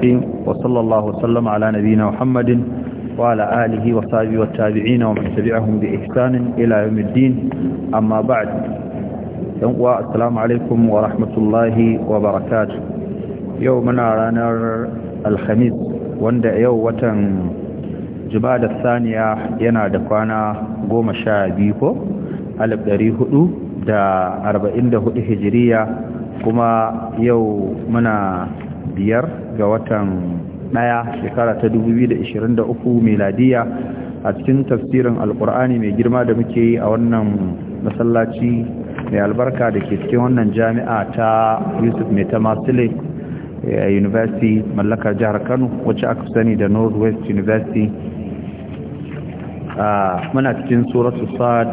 الرحيم وصلى الله وسلم على نبينا محمد وعلى آله وصحبه والتابعين ومن تبعهم بإحسان إلى يوم الدين أما بعد السلام عليكم ورحمة الله وبركاته يومنا رانا الخميس وندع يوم جبال الثانية ينادقنا قوم شابيكو ألب دريهدو da 44 hijiriya kuma yau muna biyar ga watan ɗaya shekara ta 2023 meladiya a cikin tafsirin alkur'ani mai girma da muke yi a wannan masallaci mai albarka da ke cikin wannan jami'a ta yusuf mai ta masile eh, a university mallakar jihar kano wacce aka sani da northwest university ah, muna cikin suratu sa'ad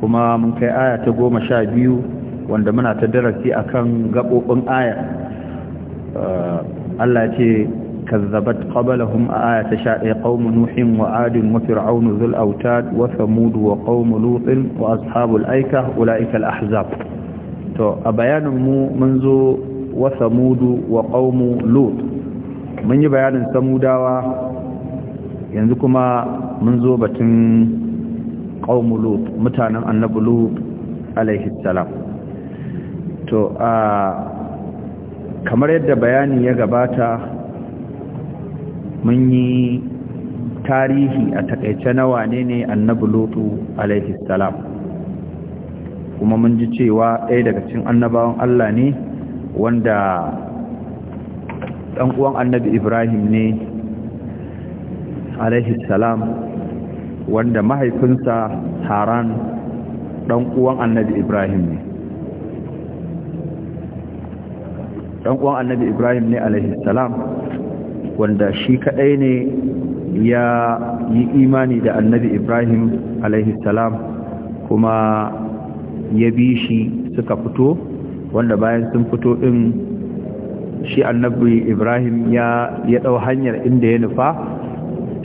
kuma mun kai aya ta goma sha biyu wanda muna ta darasi a kan gaɓoɓin aya Allah ce kazzabat qablahum ayat 11 qaum nuhin wa ad wa fir'aun zul autad wa samud wa qaum lut wa ashabul aika ulaika al ahzab to a bayanin mu mun zo wa samud wa qaum lut mun yi bayanin samudawa yanzu kuma mun zo batun qaum lut mutanen annabi lut alaihi salam to a kamar yadda bayani ya gabata mun yi tarihi a takaice na wane ne annabi lutu alaihi salam kuma mun ji cewa ɗaya daga cikin annabawan Allah ne wanda ɗan uwan annabi ibrahim ne alaihi salam wanda mahaifinsa haran ɗan uwan annabi ibrahim ne dan uwan annabi ibrahim ne alaihi salam wanda shi kadai ne ya yi imani da annabi ibrahim alaihi salam kuma ya bi shi suka fito wanda bayan sun fito din shi annabi ibrahim ya ɗau hanyar inda ya nufa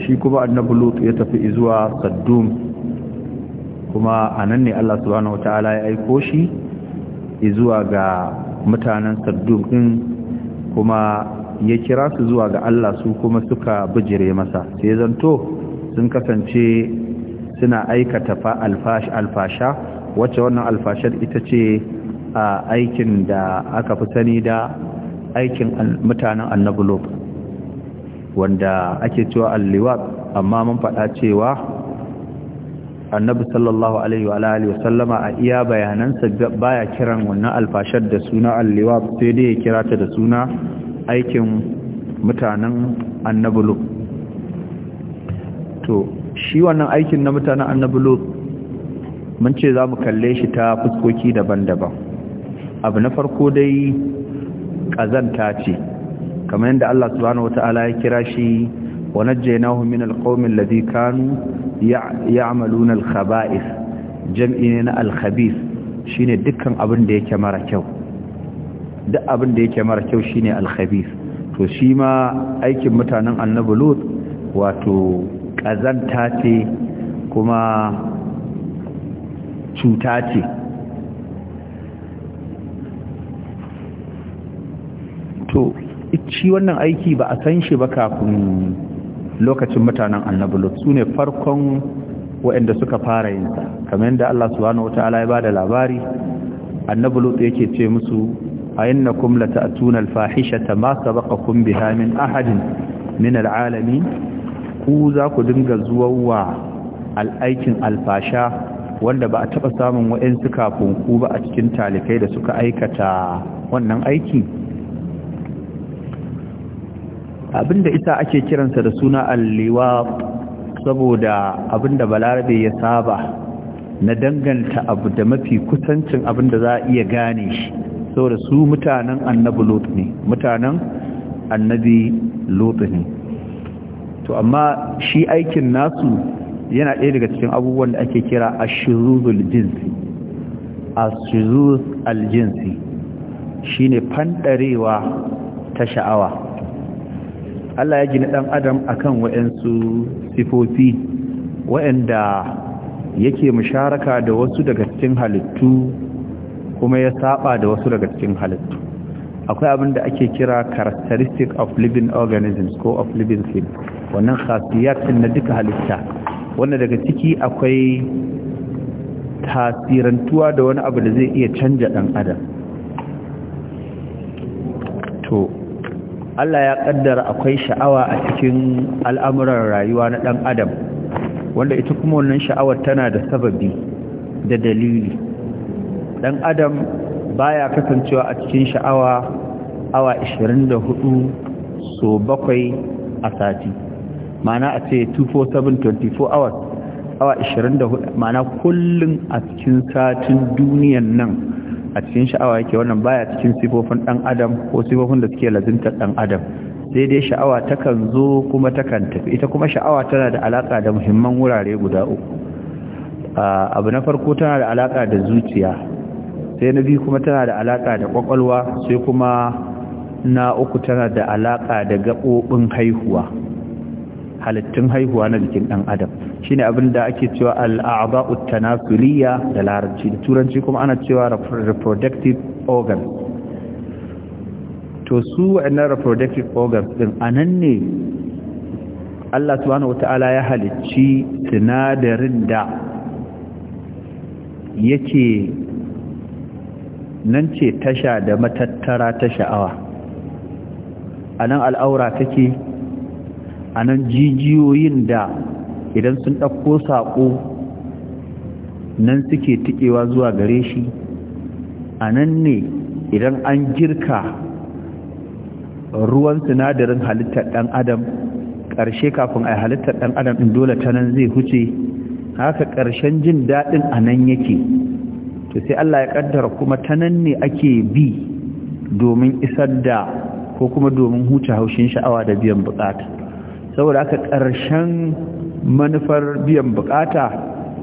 shi kuma annabi lut ya tafi zuwa saddum kuma anan ne Allah subhanahu wataala ya aiko shi zuwa ga mutanen sadduk din kuma ya kira su zuwa ga Allah su kuma suka bijire masa sai zanto sun kasance suna aikata alfasha wacce wannan alfashar ita ce a aikin da aka fi sani da aikin mutanen annabi wanda ake cewa alliwa amma mun faɗa cewa annabi sallallahu alaihi wa alihi sallama a iya bayanansa baya kiran wannan alfashar da suna alliwa sai dai ya kira ta da suna aikin mutanen annabi to shi wannan aikin na mutanen annabi lut mun ce za mu kalle shi ta fuskoki daban-daban abu na farko dai ƙazanta ce kamar yadda Allah subhanahu wata'ala ya kira shi wa najjaynahu min alqawmin ladhi kanu ya'maluna al-khaba'is jam'i na al-khabith shine dukkan abin da yake mara kyau duk abin da yake mara kyau shine al-khabith to shi ma aikin mutanen annabi lut wato kazanta ce kuma cuta ce to shi wannan aiki ba a san shi ba kafin lokacin mutanen annabulut su ne farkon waɗanda suka fara yin sa kamar yadda Allah subhanahu wataala ya bada labari annabulut yake ce musu ayinnakum lata'tuna al-fahishata ma sabaqakum biha min ahadin min al-alamin ku za ku dinga zuwa al'aikin alfasha wanda ba a taɓa samun waɗansu kafin ku ba a cikin talikai da suka aikata wannan aiki abinda Isa ake kiransa da suna alliwa saboda abinda balarabe ya saba na danganta abu da mafi kusancin abinda za a iya gane shi saboda su mutanen annabi lot ne mutanen annabi lot ne to amma shi aikin nasu yana ɗaya daga cikin abubuwan da ake kira ashiruzul jinsi jinsi aljinsi ne fandarewa ta sha'awa Allah ya gina ɗan adam kan waɗansu sifofi waɗanda yake musharaka da wasu daga cikin halittu kuma ya saba da wasu daga cikin halittu akwai abin da ake kira characteristic of living organisms ko of living things wannan khasiyatin na duka halitta wanda daga ciki akwai tasirantuwa da wani abu da zai iya canja ɗan adam Allah ya kaddara akwai sha'awa a cikin al'amuran rayuwa na ɗan adam wanda ita kuma wannan sha'awar tana da sababi da dalili ɗan adam baya kasancewa a cikin sha'awa awa 24 so bakwai a sati mana a ce 24/7/24 hours awa 24 mana kullum a cikin satin duniyan nan a cikin sha'awa yake wannan baya cikin sifofin dan adam ko sifofin da suke lazimtar dan adam sai dai sha'awa takan zo kuma takan tafi ita kuma sha'awa tana da alaka da muhimman wurare guda uku abu na farko tana da alaka da zuciya sai na biyu kuma tana da alaka da kwakwalwa sai kuma na uku tana da alaka da gaɓoɓin haihuwa halittun haihuwa na jikin ɗan adam shine abin da ake cewa al'a'ba'ut tanasuliya da larabci da turanci kuma ana cewa reproductive organ to su wa'annan reproductive organs din nan ne Allah subhanahu wata'ala ya halicci sinadarin da yake nan ce tasha da matattara ta sha'awa nan al'aura take a nan jijiyoyin da idan sun ɗauko saƙo nan suke tikewa zuwa gare shi a nan ne idan an girka ruwan sinadarin halittar ɗan adam ƙarshe kafin a halittar ɗan adam ɗin dole ta nan zai huce haka ƙarshen jin daɗin a nan yake to sai Allah ya ƙaddara kuma ta nan ne ake bi domin isar da ko kuma domin huce haushin sha'awa da biyan buƙata saboda aka ƙarshen manufar biyan bukata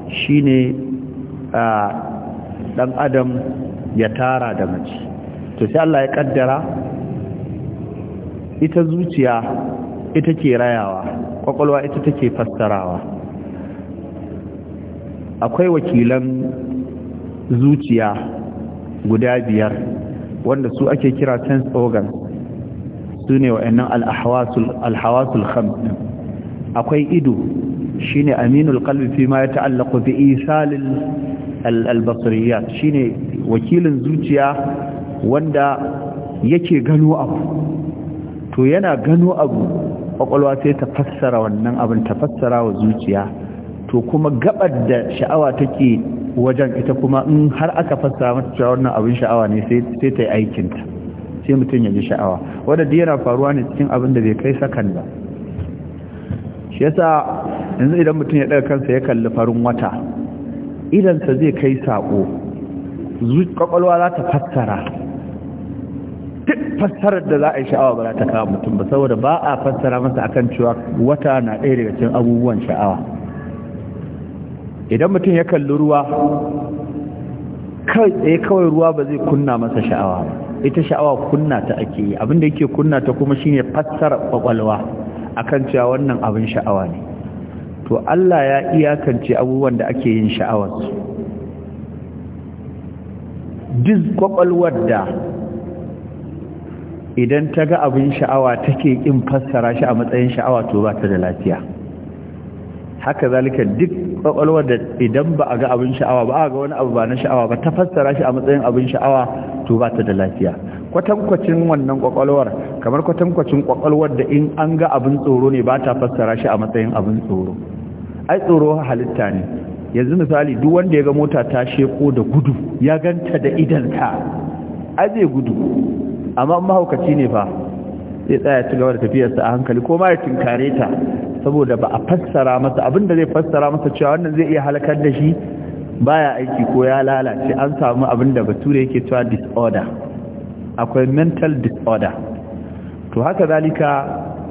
shine a ɗan adam ya tara da mace to sai Allah ya ƙaddara ita zuciya ita ke rayawa ƙwaƙwalwa ita take fassarawa akwai wakilan zuciya guda biyar wanda su ake kira sense organs su ne wa'annan alhawasul khamsin akwai ido shine aminul qalbi fi ma fi isalin isalil shi shine wakilin zuciya wanda yake gano abu to yana gano abu ƙwaƙwalwa sai ta fassara wannan abin ta fassara wa zuciya to kuma gabar da sha'awa take wajen ita kuma in har aka fassara mata cewa wannan abin sha'awa ne sai ta yi aikinta sai mutum ya ji sha'awa wanda duk yana faruwa ne cikin abin da bai kai sakan ba shi yasa yanzu idan mutum ya daga kansa ya kalli farin wata idansa zai kai sako kwakwalwa za ta fassara duk fassarar da za a yi sha'awa ba za ta kawo mutum ba saboda ba a fassara masa akan cewa wata na ɗaya daga cikin abubuwan sha'awa idan mutum ya kalli ruwa kai tsaye kawai ruwa ba zai kunna masa sha'awa ba ita sha'awa kunna ta ake yi abinda yake kunna ta kuma shine fassara kwakwalwa akan cewa wannan abin sha'awa ne to Allah ya iyakance abubuwan da ake yin sha'awar su duk kwakwalwar da idan ta ga abin sha'awa take kin fassara shi a matsayin sha'awa to ba ta da lafiya haka zalika duk kwakwalwar da idan ba a ga abin sha'awa ba a ga wani abu ba na sha'awa ba ta fassara shi a matsayin abin sha'awa to ba ta da lafiya kwatankwacin wannan kwakwalwar kamar kwatankwacin kwakwalwar da in an ga abin tsoro ne ba ta fassara shi a matsayin abin tsoro ai tsoro halitta ne yanzu misali duk wanda ya ga mota ta sheko da gudu ya ganta da ta ai zai gudu amma mahaukaci ne fa zai tsaya ci gaba da tafiyarsa a hankali ko ma ya tinkare ta saboda ba a fassara masa abinda zai fassara masa cewa wannan zai iya halakar da shi baya aiki ko ya lalace an samu abinda bature yake cewa disorder akwai mental disorder to haka zalika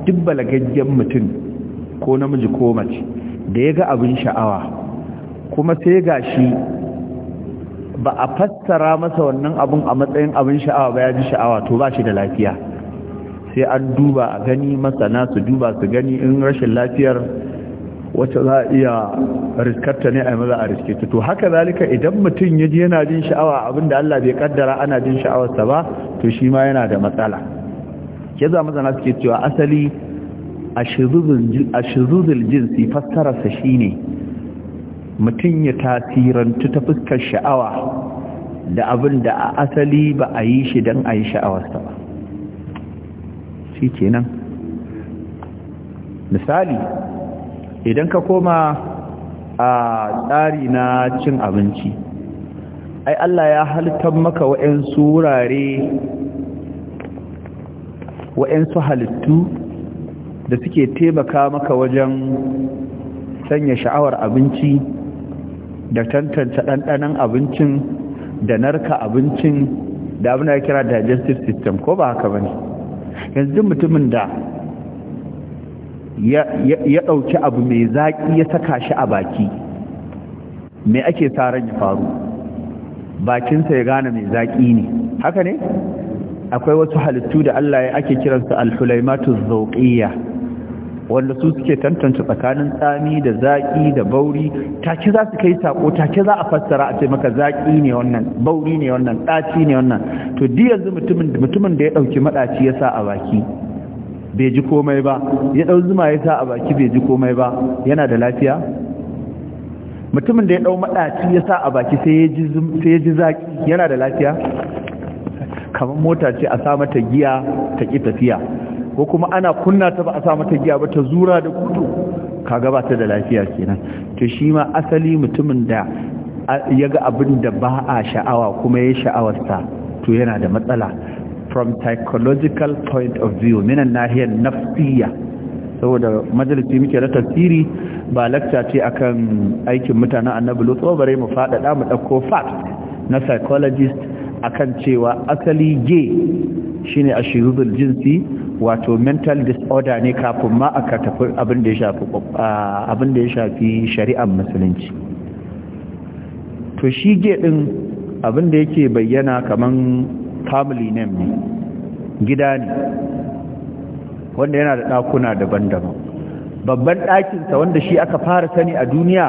duk balagaggen mutum ko namiji ko mace da ya ga abin sha'awa kuma sai ga shi ba a fassara masa wannan abin a matsayin abin sha'awa ba ya ji sha'awa to ba shi da lafiya sai an duba a gani masana su duba su gani in rashin lafiyar wacce za a iya riskarta ne a maza a riske ta to haka zalika idan mutum ya ji yana jin sha'awa abinda Allah bai kaddara ana jin sha'awarsa ba to shi ma yana da matsala ke za masana suke cewa asali a jinsi fassararsa shi ne mutum ya tasirantu ta fuskar sha'awa da abin da a asali ba a yi shi don a yi sha'awarsa ba shi nan misali idan ka koma a tsari na cin abinci ai Allah ya halittar maka su wurare wa'yansu halittu da suke taimaka maka wajen sanya sha'awar abinci da tantance ɗanɗanon abincin da narka abincin da abin da kira digestive system ko ba haka bane yanzu mutumin da ya ɗauki abu mai zaƙi ya saka shi a baki me ake tsarin ya faru bakinsa ya gane mai zaƙi ne haka ne akwai wasu halittu da Allah ya ake kiransu alhulaimatu zauƙiyya wanda su suke tantance tsakanin tsami da zaƙi da bauri take za su kai sako take za a fassara a ce maka zaƙi ne wannan bauri ne wannan ɗaci ne wannan to duk yanzu mutumin da ya ɗauki maɗaci ya sa a baki bai ji komai ba ya ɗau zuma ya sa a baki bai ji komai ba yana da lafiya mutumin da ya ɗau maɗaci ya sa a baki sai ya ji zaƙi yana da lafiya kamar mota ce a sa mata giya ta ƙi tafiya ko kuma ana kunna ta ba a sa mata giya ba ta zura da kudu ka gabata da lafiya kenan to shi ma asali mutumin da ya ga abin da ba a sha'awa kuma ya sha'awarsa to yana da matsala from psychological point of view minan nahiyar nafsiya saboda majalisi muke na tafsiri ba lakta ce akan aikin mutanen annabi lutsuwa bare mu faɗaɗa mu ɗauko fat na psychologist akan cewa asali gay shine ashirudul jinsi wato mental disorder ne kafin ma aka tafi abin da ya shafi shari'ar musulunci to shi ge din abin da yake bayyana kaman family name ne gida ne wanda yana da ɗakuna daban-daban babban ɗakinsa wanda shi aka fara sani a duniya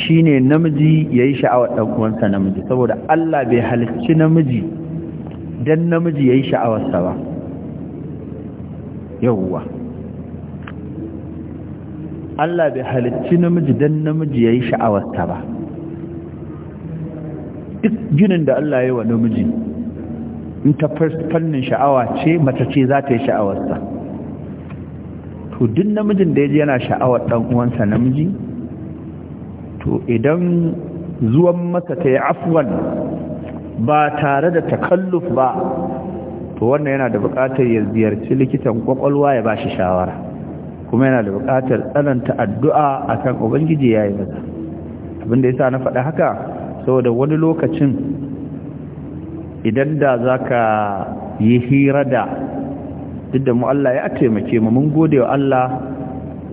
shine namiji ya yi sha'awar ɗan uwansa namiji saboda Allah bai halicci namiji dan namiji yayi sha'awarsa ba yawwa Allah bai halicci namiji dan namiji yayi sha'awarsa ba duk ginin da Allah ya yi wa namiji in ta fannin sha'awa ce mace ce za ta yi sha'awarsa to duk namijin da yaji yana sha'awar dan uwansa namiji to idan zuwan masa ta yi afwan ba tare da takalluf ba to wannan yana da buƙatar ya ziyarci likitan kwakwalwa ya bashi shawara kuma yana da buƙatar tsananta addu'a akan ubangiji yayi abin da yasa na faɗa haka saboda wani lokacin idan da zaka yi hira da duk da mu Allah ya taimake mu mun gode wa Allah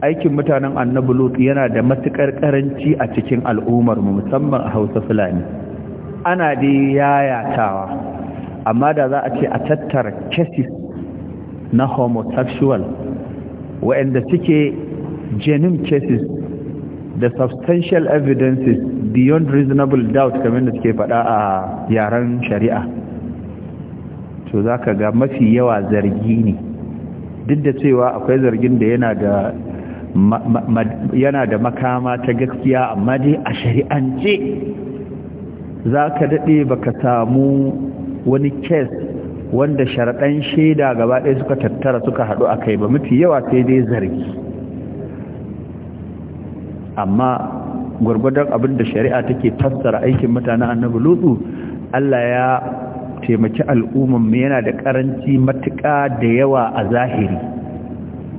aikin mutanen annabi lut yana da matukar karanci a cikin al'ummar mu musamman a Hausa Fulani ana da yayatawa amma da za a ce a tattara cases na homosexual waɗanda suke genuine cases da substantial evidences beyond reasonable doubt kamar da suke faɗa a yaren shari'a to za ka ga mafi yawa zargi ne duk da cewa akwai zargin da yana da yana da makama ta gaskiya amma dai a shari'ance za ka daɗe ba ka samu wani kes wanda sharaɗan shaida gaba ɗaya suka tattara suka haɗu a kai ba mafi yawa sai dai zargi amma gwargwadon abin da shari'a take fassara aikin mutanen annabi lutsu Allah ya taimaki al'umman mai yana da ƙaranci matuƙa da yawa a zahiri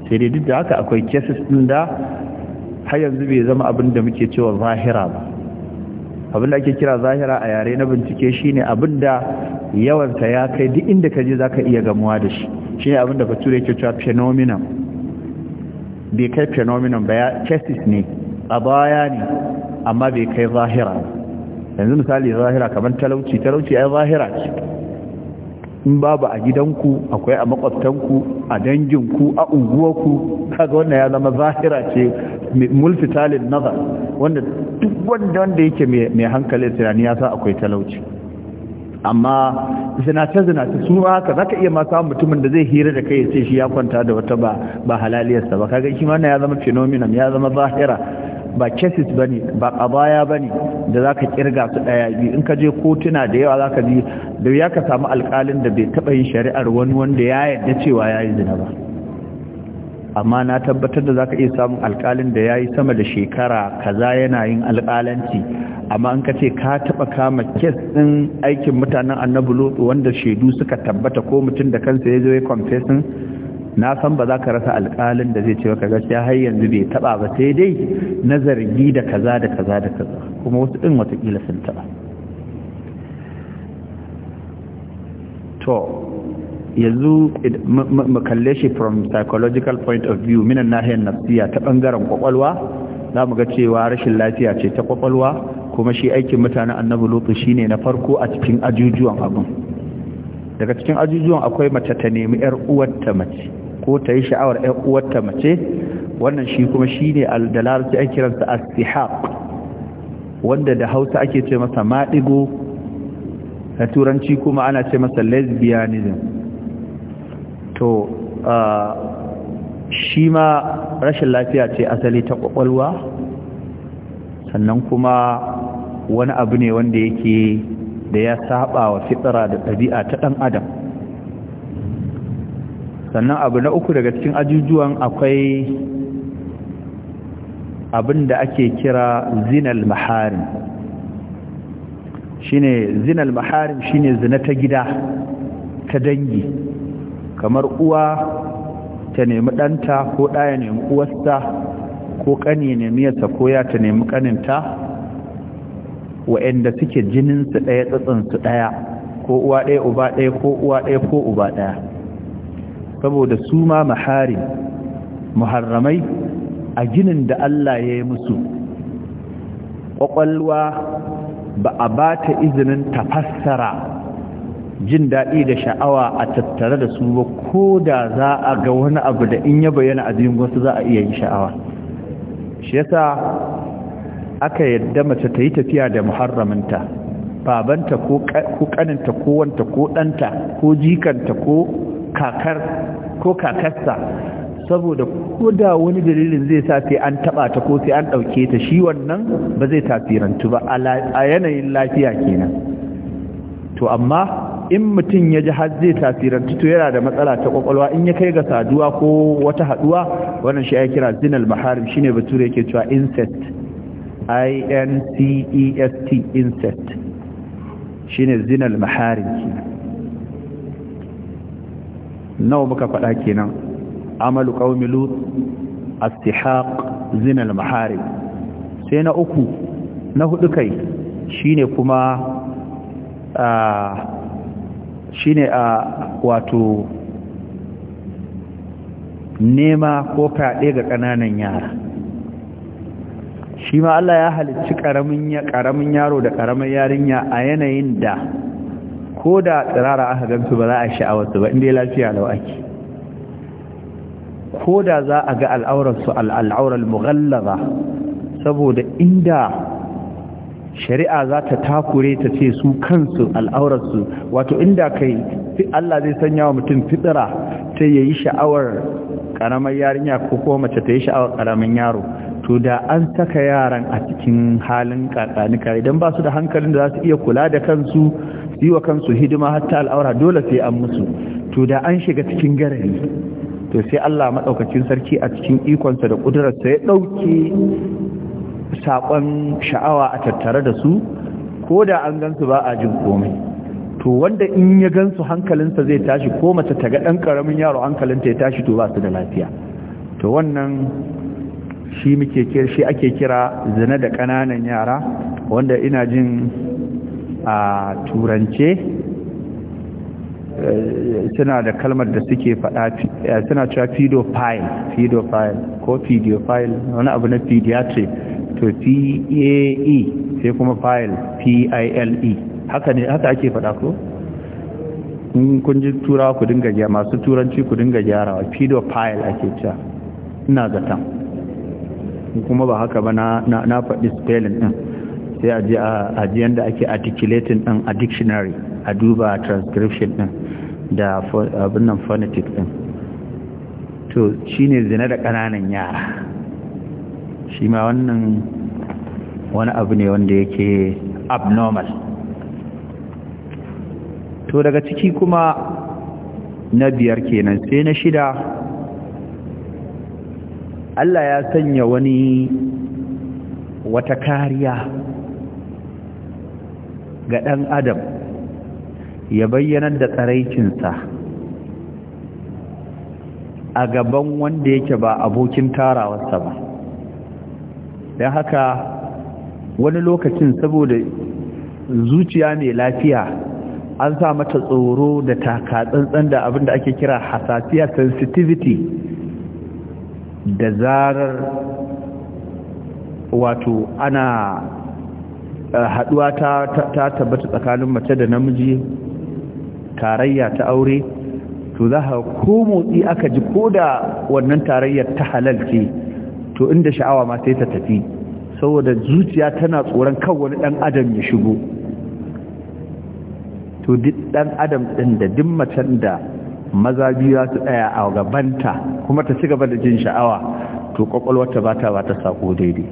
sai dai duk da haka akwai kesis ɗin da har yanzu bai zama abin da muke cewa zahira ba Abin da ake kira zahira a yare na bincike shine da yawanta ya kai duk inda ka je zaka iya gamuwa da shi shine abinda bature yake cewa phenomenon bai kai phenomenon ba cases ne a baya ne amma bai kai zahira yanzu misali zahira kamar talauci talauci ai zahira ce in babu a gidanku akwai a makwabtanku a danginku a unguwarku kaga wannan ya zama zahira ce multitalin nazar wanda duk wanda wanda yake mai hankali tunani ya sa akwai talauci amma zinace-zinace su haka zaka iya ma samun mutumin da zai hira da kai ya ce shi ya kwanta da wata ba halaliyarsa ba kaga shi ma ya zama phenomenon ya zama zahira ba cases ba ne ba baya ba ne da za ka kirga su ɗaya biyu in ka je kotuna da yawa za ka ji da ya ka samu alƙalin da bai taɓa yin shari'ar wani wanda ya yarda cewa ya yi zina ba amma na tabbatar da za ka iya samun alƙalin da ya yi sama da shekara kaza yana yin alƙalanci amma in ka ce ka taɓa kama kes ɗin aikin mutanen annabi wanda shaidu suka tabbata ko mutum da kansa ya zo ya confessing na san ba za ka rasa alƙalin da zai ce maka gaskiya har yanzu bai taɓa ba sai dai na zargi da kaza da kaza da kaza kuma wasu ɗin watakila sun taɓa. to yanzu mu kalle shi from psychological point of view minan nahiyar nafsiya ta ɓangaren kwakwalwa za mu ga cewa rashin lafiya ce ta kwakwalwa kuma shi aikin mutanen annabi shi ne na farko a cikin ajujuwan abin daga cikin ajujuwan akwai mace ta nemi 'yar uwarta mace ko ta yi sha'awar ‘yan uwarta mace wannan shi kuma shi ne da larabci an kiransa astihab wanda da hausa ake ce masa maɗigo na turanci kuma ana ce masa lesbianism to shi ma rashin lafiya ce asali ta ƙwaƙwalwa sannan kuma wani abu ne wanda yake da ya saba wa fitara da ɗabi'a ta ɗan adam sannan abu na uku daga cikin ajujuwan akwai abin da ake kira zinal maharin shine zinal maharin shine zina ta gida ta dangi kamar uwa ta nemi ɗanta ko ɗaya nemi uwasta ko ƙani nemi yasa ko ya ta nemi ƙaninta wa'anda suke jininsu ɗaya tsatsinsu ɗaya ko uwa ɗaya uba ɗaya ko uwa ɗaya ko uba ɗaya saboda su ma maharin muharramai a ginin da Allah ya yi musu ƙwaƙwalwa ba a ba ta izinin tafassara jin daɗi da sha'awa a tattare da su ba ko da za a ga wani abu da in ya bayyana a jin wasu za a iya yin sha'awa shi yasa aka yadda mace ta yi tafiya da muharraminta babanta ko ƙaninta ko wanta ko ɗanta ko jikanta ko kakar ko kakarsa saboda koda wani dalilin zai sa sai an taba ta ko sai an dauke ta shi wannan ba zai tasirantu ba a yanayin lafiya kenan to amma in mutum ya ji har zai tasirantu to yana da matsala ta kwakwalwa in ya kai ga saduwa ko wata haduwa wannan shi ya kira zinal maharim shine bature yake cewa incest i n c e s t incest shine zinal maharim kenan nawa muka faɗa kenan amalu qaumi lut astihaq Zinal maharib sai na uku na hudu kai shine kuma a shine a wato nema ko fyaɗe ga ƙananan yara shi ma Allah ya halicci ƙaramin yaro da ƙaramin yarinya a yanayin da ko da tsirara aka gansu ba za a sha'awarsu ba inda ya lafiya lau ake ko da za a ga al'aurarsu al'aurar mughallaza saboda inda shari'a za ta takure ta ce su kansu al'aurarsu wato inda kai Allah zai sanya wa mutum fitsira ta ya yi sha'awar ƙaramar yarinya ko kuma mace ta yi sha'awar ƙaramin yaro to da an saka yaran a cikin halin kakanika idan ba su da hankalin da za su iya kula da kansu yi wa kansu hidima hatta al'aura dole sai an musu to da an shiga cikin garari to sai Allah maɗaukacin sarki a cikin ikonsa da ƙudurarsa ya ɗauke saƙon sha'awa a tattare da su ko da an gansu ba a jin komai to wanda in ya gansu hankalinsa zai tashi ko mace ta ga ɗan ƙaramin yaro hankalinta ya tashi to ba su da lafiya to wannan shi muke kira shi ake kira zina da ƙananan yara wanda ina jin a turance eh, suna da kalmar da suke faɗa eh, suna cewa pedophile pedophile ko pedophile wani abu na pediatric to p-a-e sai kuma file p-i-l-e haka ne haka ake faɗa ko? kun ji turawa ku dinga gyara masu turanci ku dinga gyarawa pedophile ake cewa ina zaton kuma ba haka ba na faɗi spelling ɗin sai a ji yadda ake articulating ɗin a dictionary a duba transcription ɗin da abin nan phonetic ɗin to shi ne zina da ƙananan yara shi ma wannan wani abu ne wanda yake abnormal to daga ciki kuma na biyar kenan sai na shida Allah ya sanya wani wata kariya ga ɗan adam ya bayyanar da tsaraicinsa a gaban wanda yake ba abokin tarawarsa ba don haka wani lokacin saboda zuciya mai lafiya an sa mata tsoro da takatsantsan da abin da ake kira hasasiya sensitivity da zarar wato ana eh, haduwa ta ta tabbata tsakanin mace da namiji tarayya ta aure to za ka ko motsi aka ji ko da wannan tarayyar ta halal ce, to inda sha'awa ma sai ta tafi saboda zuciya tana tsoron kan wani dan adam ya shigo to duk dan adam din da duk macen da maza biyu za su tsaya a gabanta kuma ta ci gaba da jin sha'awa to kwakwalwarta ba ta ba ta sako daidai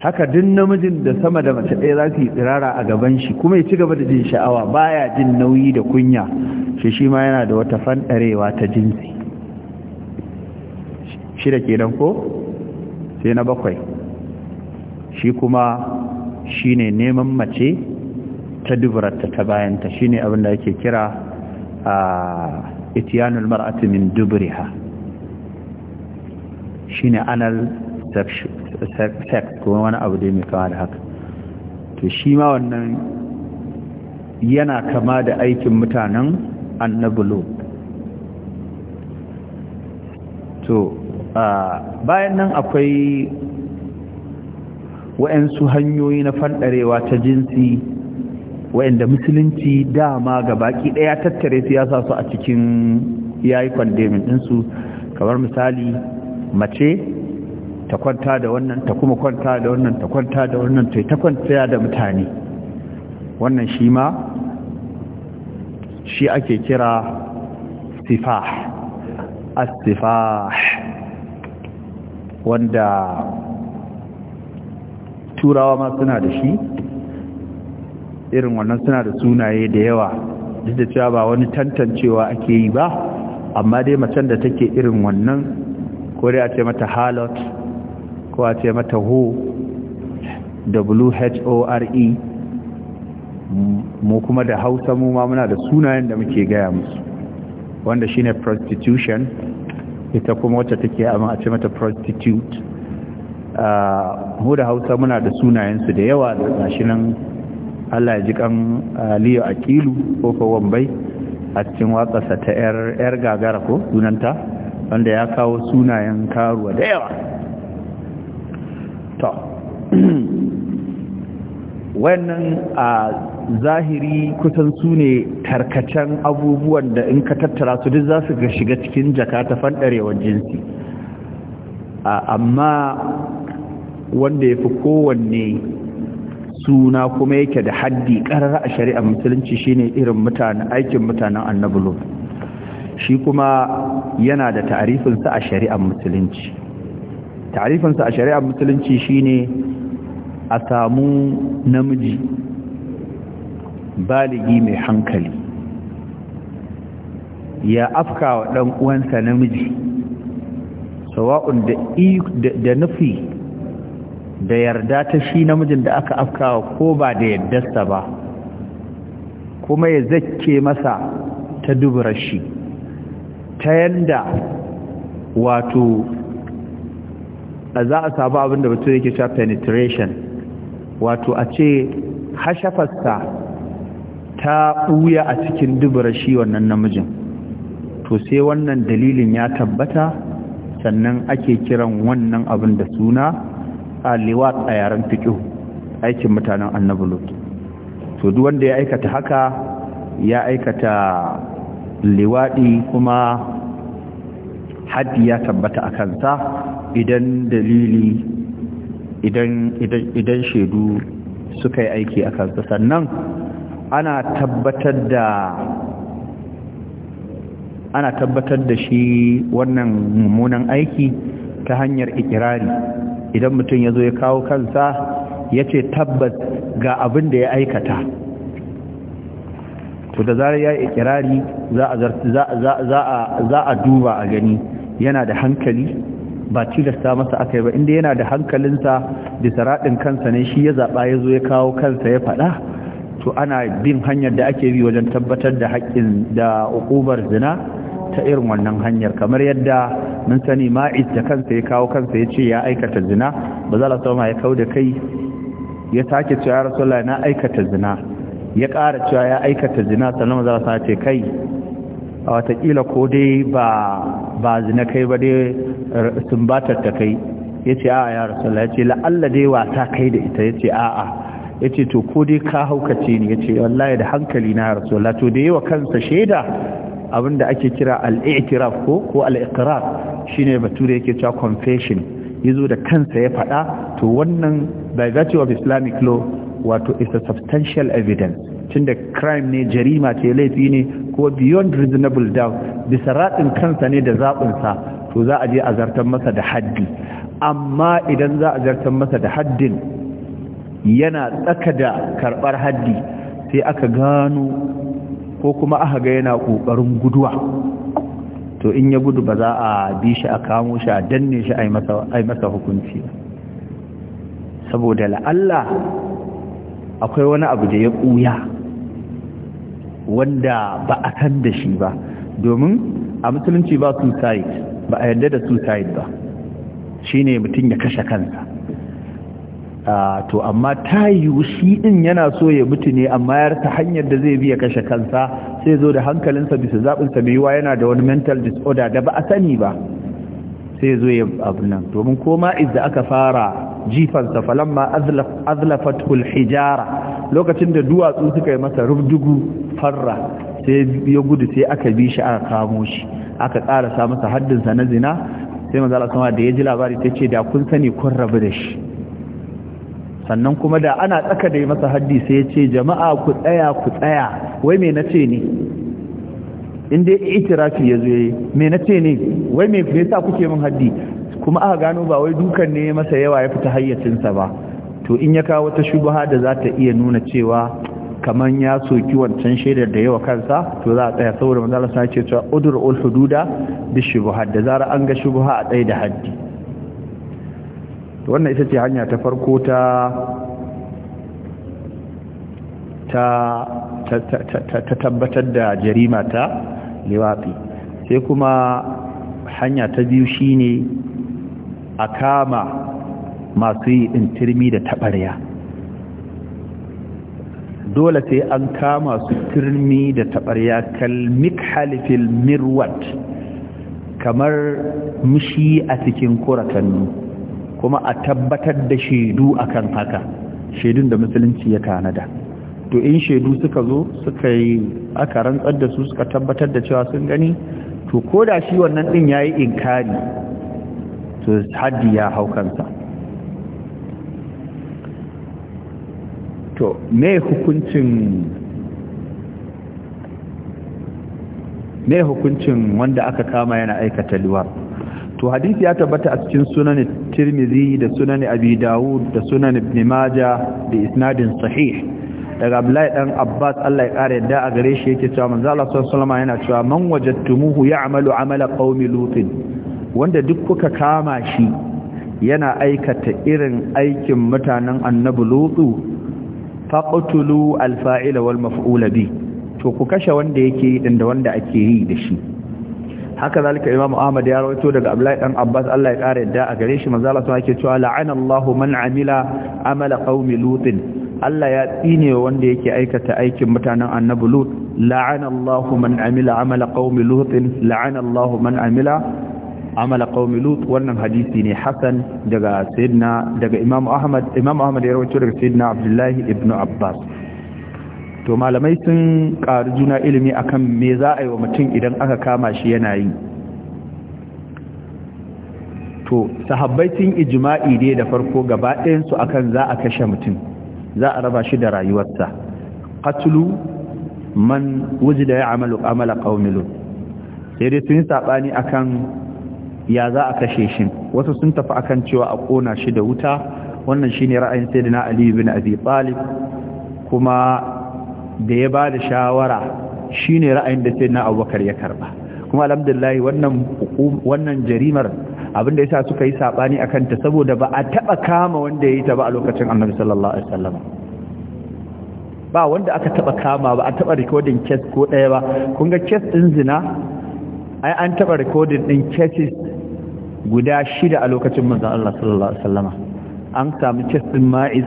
haka duk namijin da sama da mace ɗaya za su yi tsirara a gaban shi kuma ya ci gaba da jin sha'awa baya jin nauyi da kunya shi shi ma yana da wata fanɗarewa ta jinsi Shi shida ke ko sai na bakwai shi kuma shi ne neman mace ta dubarta ta bayanta shine abin da ake kira itiyanul mar'ati min dubriha shine anal sex ko wani abu da mai kama da haka to shi ma wannan yana kama da aikin mutanen annabulo to bayan nan akwai wa'yansu hanyoyi na fanɗarewa ta jinsi wa'anda musulunci dama ga baki ɗaya tattare su ya sa su a cikin yayi kwandemin ɗinsu kamar misali mace ta kwanta da wannan ta kuma kwanta da wannan ta kwanta da wannan ta ta kwanta da mutane wannan shi ma shi ake kira sifah astifah wanda turawa ma suna da shi irin wannan suna da sunaye da yawa duk da cewa ba wani tantancewa ake yi ba amma dai macen da take irin wannan ko dai a ce mata halot ko a ce mata ho w-h-o-r-e mu kuma da hausa mu ma muna da sunayen da muke gaya musu wanda shine prostitution ita kuma wacce take amma a ce mata prostitute ah, mu da hausa muna da sunayensu da yawa da gashi Allah ya ji kan ah, Aliyu Akilu ko Fawon Bai a cikin watsarsa ta ‘yar gagara ko sunanta wanda ya kawo sunayen karuwa da yawa. To, wannan a zahiri kusan sune tarkacen abubuwan da in ka tattara su duk za su shiga cikin jaka ta fanɗarewar jinsi. Amma wanda ya fi kowanne suna kuma yake da haddi ƙarar a shari'ar musulunci shine irin mutane aikin mutanen annabi shi kuma yana da ta'arifinsa a shari'ar musulunci ta'arifinsa a shari'ar musulunci shine a samu namiji baligi mai hankali ya afka wa ɗan uwansa namiji sawa'un da nufi da yarda ta shi namijin da aka afkawa ko ba da yardarsa ba kuma ya zake masa ta dubura shi ta yanda wato za a sabu abinda batu yake sha penetration wato a ce hashafarsa ta ɓuya a cikin dubura shi wannan namijin to sai wannan dalilin ya tabbata sannan ake kiran wannan abin da suna a a yaren fiƙihu aikin mutanen annabi lut to duk wanda ya aikata haka ya aikata liwaɗi kuma haddi ya tabbata a kansa idan dalili idan shaidu suka yi aiki a kansa sannan ana tabbatar da ana tabbatar da shi wannan mummunan aiki ta hanyar ikirari idan mutum ya zo ya kawo kansa ya ce tabbas ga abin da ya aikata to da zarar ya yi ikirari za a duba a gani yana da hankali ba tilasta masa aka yi ba inda yana da hankalinsa da saradin kansa ne shi ya zaɓa ya zo ya kawo kansa ya faɗa to ana bin hanyar da ake bi wajen tabbatar da haƙƙin da hukumar zina ta irin wannan hanyar kamar yadda mun sani ma'iz da kansa ya kawo kansa ya ce ya aikata zina ba za ma ya kau da kai ya sake cewa rasulullah na aikata zina ya kara cewa ya aikata zina sannan za sa ce kai a watakila ko dai ba zina kai ba dai sumbatar ta kai ya ce a'a ya rasulullah ya ce la'alla dai wata kai da ita ya ce a'a ya ce to ko dai ka haukace ni ya ce wallahi da hankali na rasulullah to da wa kansa shaida Abin da ake kira al ko ko al shi shine bature yake cewa confession yazo da kansa ya faɗa to wannan by virtue of islamic law wato is a substantial evidence da crime ne jarima ce laifi ne ko beyond reasonable doubt bisa raɗin kansa ne da zaɓinsa to za a je a zartar masa da haddi amma idan za a zartar masa da haddin yana tsaka da karɓar haddi sai aka gano ko kuma aka ga yana ƙoƙarin guduwa to in ya gudu ba za a bi shi a kamo shi a danne shi a yi masa hukunci saboda la'alla akwai wani abu da ya ɓuya wanda ba a san da shi ba domin a musulunci ba suicide ba a yarda da suicide ba shine mutum ya kashe kansa to amma ta yiwu shi din yana so ya mutu ne amma ya ta hanyar da zai biya kashe kansa sai zo da hankalinsa bisa zaɓinsa mai yiwa yana da wani mental disorder da ba a sani ba sai zo ya abu nan domin koma izda aka fara jifansa falamma azlafatul hijara lokacin da duwatsu suka yi masa rubdugu farra sai ya gudu sai aka bi shi aka kamo shi aka ƙarasa masa haddinsa na zina sai manzala sama da ya ji labari ta ce da kun sani kun rabu da shi sannan kuma da ana tsaka da masa haddi sai ya ce jama'a ku tsaya ku tsaya wai me na ce ne inda itirafi ya zoye me na ce ne wai me sa kuke min haddi kuma aka gano ba wai dukan ne masa yawa ya fita hayyacinsa ba to in ya kawo wata shubaha da za ta iya nuna cewa kamar ya soki wancan shaidar da yawa kansa to za a tsaya saboda manzo Allah ya ce udur ul hududa bi shubaha da zara an ga shubaha a tsaye da haddi wannan ita ce hanya ta farko ta ta tabbatar da jarima ta liwafi sai kuma hanya ta biyu shine a kama masu yi ɗin turmi da taɓarya dole sai an kama su turmi da taɓarya kalmik halifin mirwat kamar mushi a cikin kuratannu kuma a tabbatar da shaidu akan haka shaidun da musulunci ya tanada to in shaidu suka zo suka yi aka rantsar da su suka tabbatar da cewa sun gani to ko da shi wannan din yayi inkari to haddi ya hau kansa to me hukuncin me hukuncin wanda aka kama yana aikata liwa to hadisi ya tabbata a cikin sunanin tirmizi da sunan abi dawud da sunan ibn maja da isnadin sahih daga abdullahi dan abbas Allah ya kare yadda a gare shi yake cewa manzo Allah sallallahu yana cewa man wajadtumuhu ya'malu amala qaumi lutin wanda duk kuka kama shi yana aikata irin aikin mutanen annabi lut faqtulu alfa'ila wal maf'ula bi to ku kashe wanda yake yi din wanda ake yi da shi haka zalika imamu ahmad ya rawaito daga abdullahi dan abbas Allah ya kare yadda a gare shi manzo Allah sun yake cewa la'ana Allah man amila amala qaumi lut Allah ya tsine wanda yake aikata aikin mutanen annabi lut la'ana Allahu man amila amala qaumi lut la'ana Allah man amila amala qaumi lut wannan hadisi ne hasan daga sayyidina daga imamu ahmad imamu ahmad ya rawaito daga sayyidina abdullahi ibnu abbas to malamai sun ƙaru juna ilimi akan me za a yi wa mutum idan aka kama shi yana yi to sahabbai sun ijima'i dai da farko gaba ɗayansu akan za a kashe mutum za a raba shi da rayuwarsa katulu man da ya amalu amala ƙaunilu sai dai sun a akan ya za a kashe shi wasu sun tafi akan cewa a ƙona shi da wuta wannan shi ne ra'ayin da Aliyu bin abi talib kuma da ya ba da shawara shine ra'ayin da sai na abubakar ya karba kuma alhamdulillah wannan jarimar abinda sa suka yi saɓani a kanta saboda ba a taɓa kama wanda ya yi ta ba a lokacin annabi sallallahu alaihi wasallam ba wanda aka taɓa kama ba a taɓa rikodin kes ko ɗaya ba kun ga case ɗin zina ai an taɓa rikodin ɗin cases guda shida a lokacin manzan Allah sallallahu alaihi wasallama an samu kes ɗin ma'iz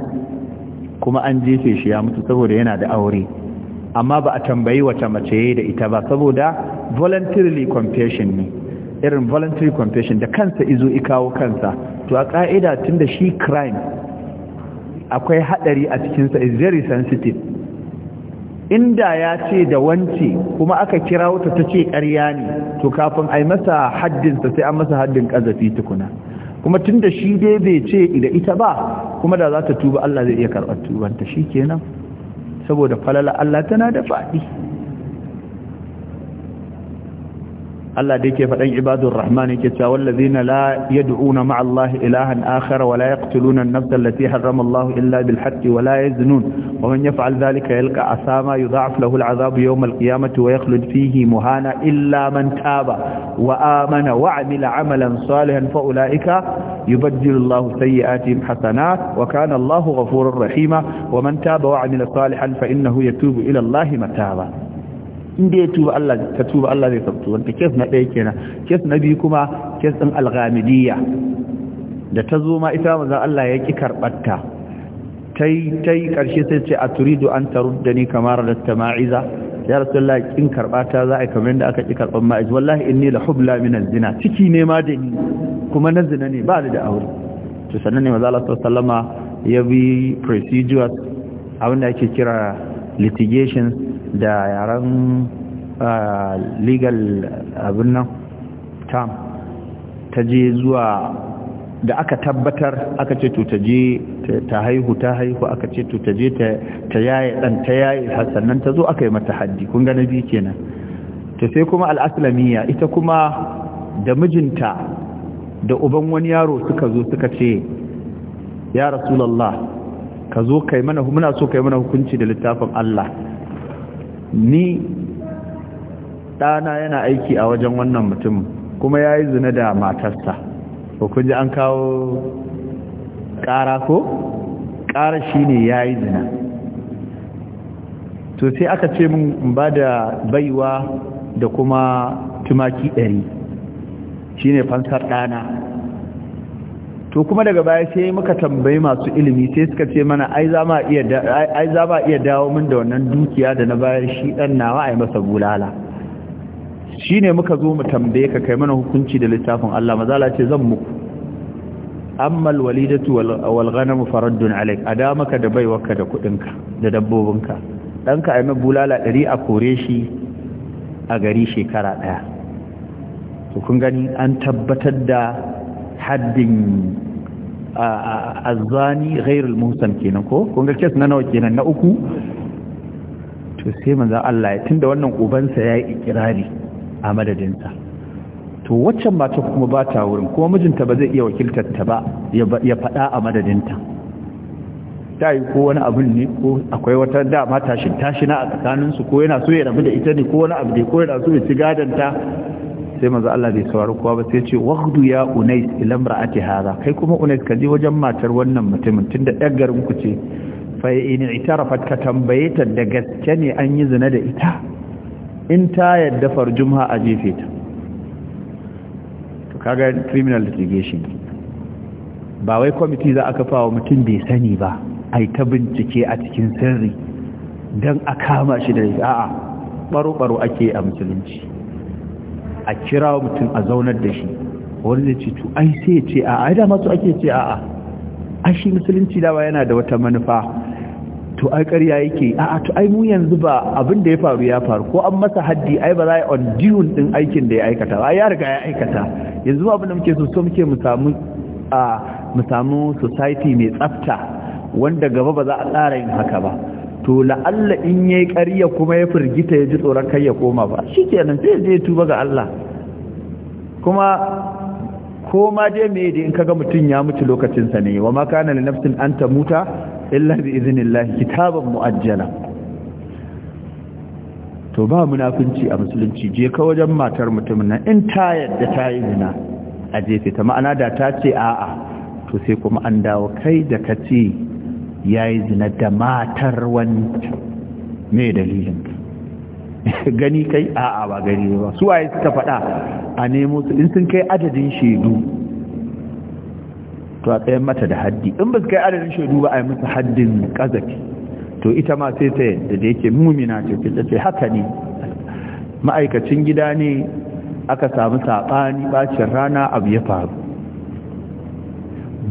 kuma an jefe shi ya mutu saboda yana da aure amma ba a tambayi wata mace da ita ba saboda voluntarily confession ne irin voluntary confession da kansa izo ikawo kansa to a ka'ida tun da shi crime akwai hadari a cikinsa is very sensitive inda ya ce da wance kuma aka kira wuta ta ce ƙarya ne to kafin a yi masa haddinsa sai an masa haddin ƙazafi tukuna kuma tun da shi dai bai ce da ita ba kuma da za ta tuba Allah zai iya karɓar tubanta shi kenan saboda falala Allah tana da faɗi الله ديك فدان عباد الرحمن كتا والذين لا يدعون مع الله إلها اخر ولا يقتلون النفس التي حرم الله الا بالحق ولا يزنون ومن يفعل ذلك يلقى أساما يضاعف له العذاب يوم القيامه ويخلد فيه مهانا الا من تاب وامن وعمل عملا صالحا فاولئك يبدل الله سيئاتهم حسنات وكان الله غفورا رحيما ومن تاب وعمل صالحا فانه يتوب الى الله متابا inda ya tuba Allah ta tuba Allah zai sabtu wanda kes na ɗaya kenan kes na biyu kuma kes ɗin alghamidiyya da ta zo ma ita manzon Allah ya ki karɓarta tai tai ƙarshe sai ce a turidu an taruddani kamar da tama'iza ya rasulullah kin karɓata za a kamar yadda aka ki karɓar ma'iz wallahi inni la hubla min zina ciki ne ma da ni kuma na zina ne ba da aure to sannan ne manzon Allah sallallahu ya bi procedures abin ake kira litigations da yaren legal abin nan tam ta je zuwa da aka tabbatar aka ce to ta je ta haihu ta haihu aka ce to ta je ta yaye dan ta yaye sannan ta zo aka yi mata haddi kun ga nabi kenan to sai kuma al'aslamiyya ita kuma da mijinta da uban wani yaro suka zo suka ce ya rasulullah ka zo kai mana muna so kai mana hukunci da littafin Allah ni ɗana yana aiki a wajen wannan mutum kuma ya yi zina da matarsa ko kun ji an kawo ƙara ko ƙara shi ne ya yi zina to sai aka ce min ba da baiwa da kuma tumaki ɗari shi ne fansar ɗana to kuma daga baya sai muka tambayi masu ilimi sai suka ce mana ai za ma iya dawo min da wannan dukiya da na bayar shi dan nawa ai masa bulala shi ne muka zo mu tambaye ka kai mana hukunci da littafin Allah mazala ce zan muku amma alwalidatu wal ghanam faraddun alayk adamaka da baiwarka da kudinka da dabbobinka danka ai bulala ɗari a kore shi a gari shekara daya to kun gani an tabbatar da haddin azzani ghairul muhsan kenan ko kun ga kes na nawa kenan na uku to sai manzon Allah ya tunda wannan ubansa yi ikirari a madadinsa to waccan mata kuma ba ta wurin kuma mijinta ba zai iya wakiltar ta ba ya faɗa a madadinta ta yi ko wani abin ne ko akwai wata dama tashin tashina a tsakaninsu ko yana so ya rabu da ita ne ko wani abu ne ko yana so ya ci gadanta sai manzo Allah bai saurari kowa ba sai ce waqdu ya unais ilam ra'ati hada kai kuma unais ka je wajen matar wannan mutumin tunda ɗan garin ku ce fa in itarafat ka tambaye da gaske ne an yi zina da ita in ta yadda farjumha a jefe ta to kaga criminal litigation ba wai committee za a kafa mutum bai sani ba ai ta bincike a cikin sirri dan a kama shi da a'a baro baro ake a musulunci a kira mutum a zaunar da shi wani zai ce to ai sai ce a ai dama su ake ce a'a a shi musulunci dawa yana da wata manufa to ai ƙarya yake a'a to ai mu yanzu ba abin da ya faru ya faru ko an masa haddi ai ba za a yi on dune din aikin da ya aikata ba ya riga ya aikata yanzu abin da muke so so muke mu samu a mu samu society mai tsafta wanda gaba ba za a tsara yin haka ba to la'alla in yayi ƙarya kuma ya firgita ya ji tsoron kai ya koma ba Shi kenan sai je tuba ga Allah kuma koma dai me da in kaga mutun ya mutu lokacin sa ne wa ma kana li nafsin an ta muta illa bi idhnillah kitaban muajjala to ba munafinci a musulunci je ka wajen matar mutumin nan in ta yadda ta yi zina a jefe ta ma'ana da ta ce a'a to sai kuma an dawo kai da kace ya yi zina da matar wani mai dalilin gani kai a'a ba gani ba su waye suka faɗa a nemo su in sun kai adadin shaidu to a tsayen mata da haddi in ba su kai adadin shaidu ba a yi musu haddin ƙazafi to ita ma sai ta yadda da yake mumina ce ta ce haka ne ma'aikacin gida ne aka samu saɓani ɓacin rana abu ya faru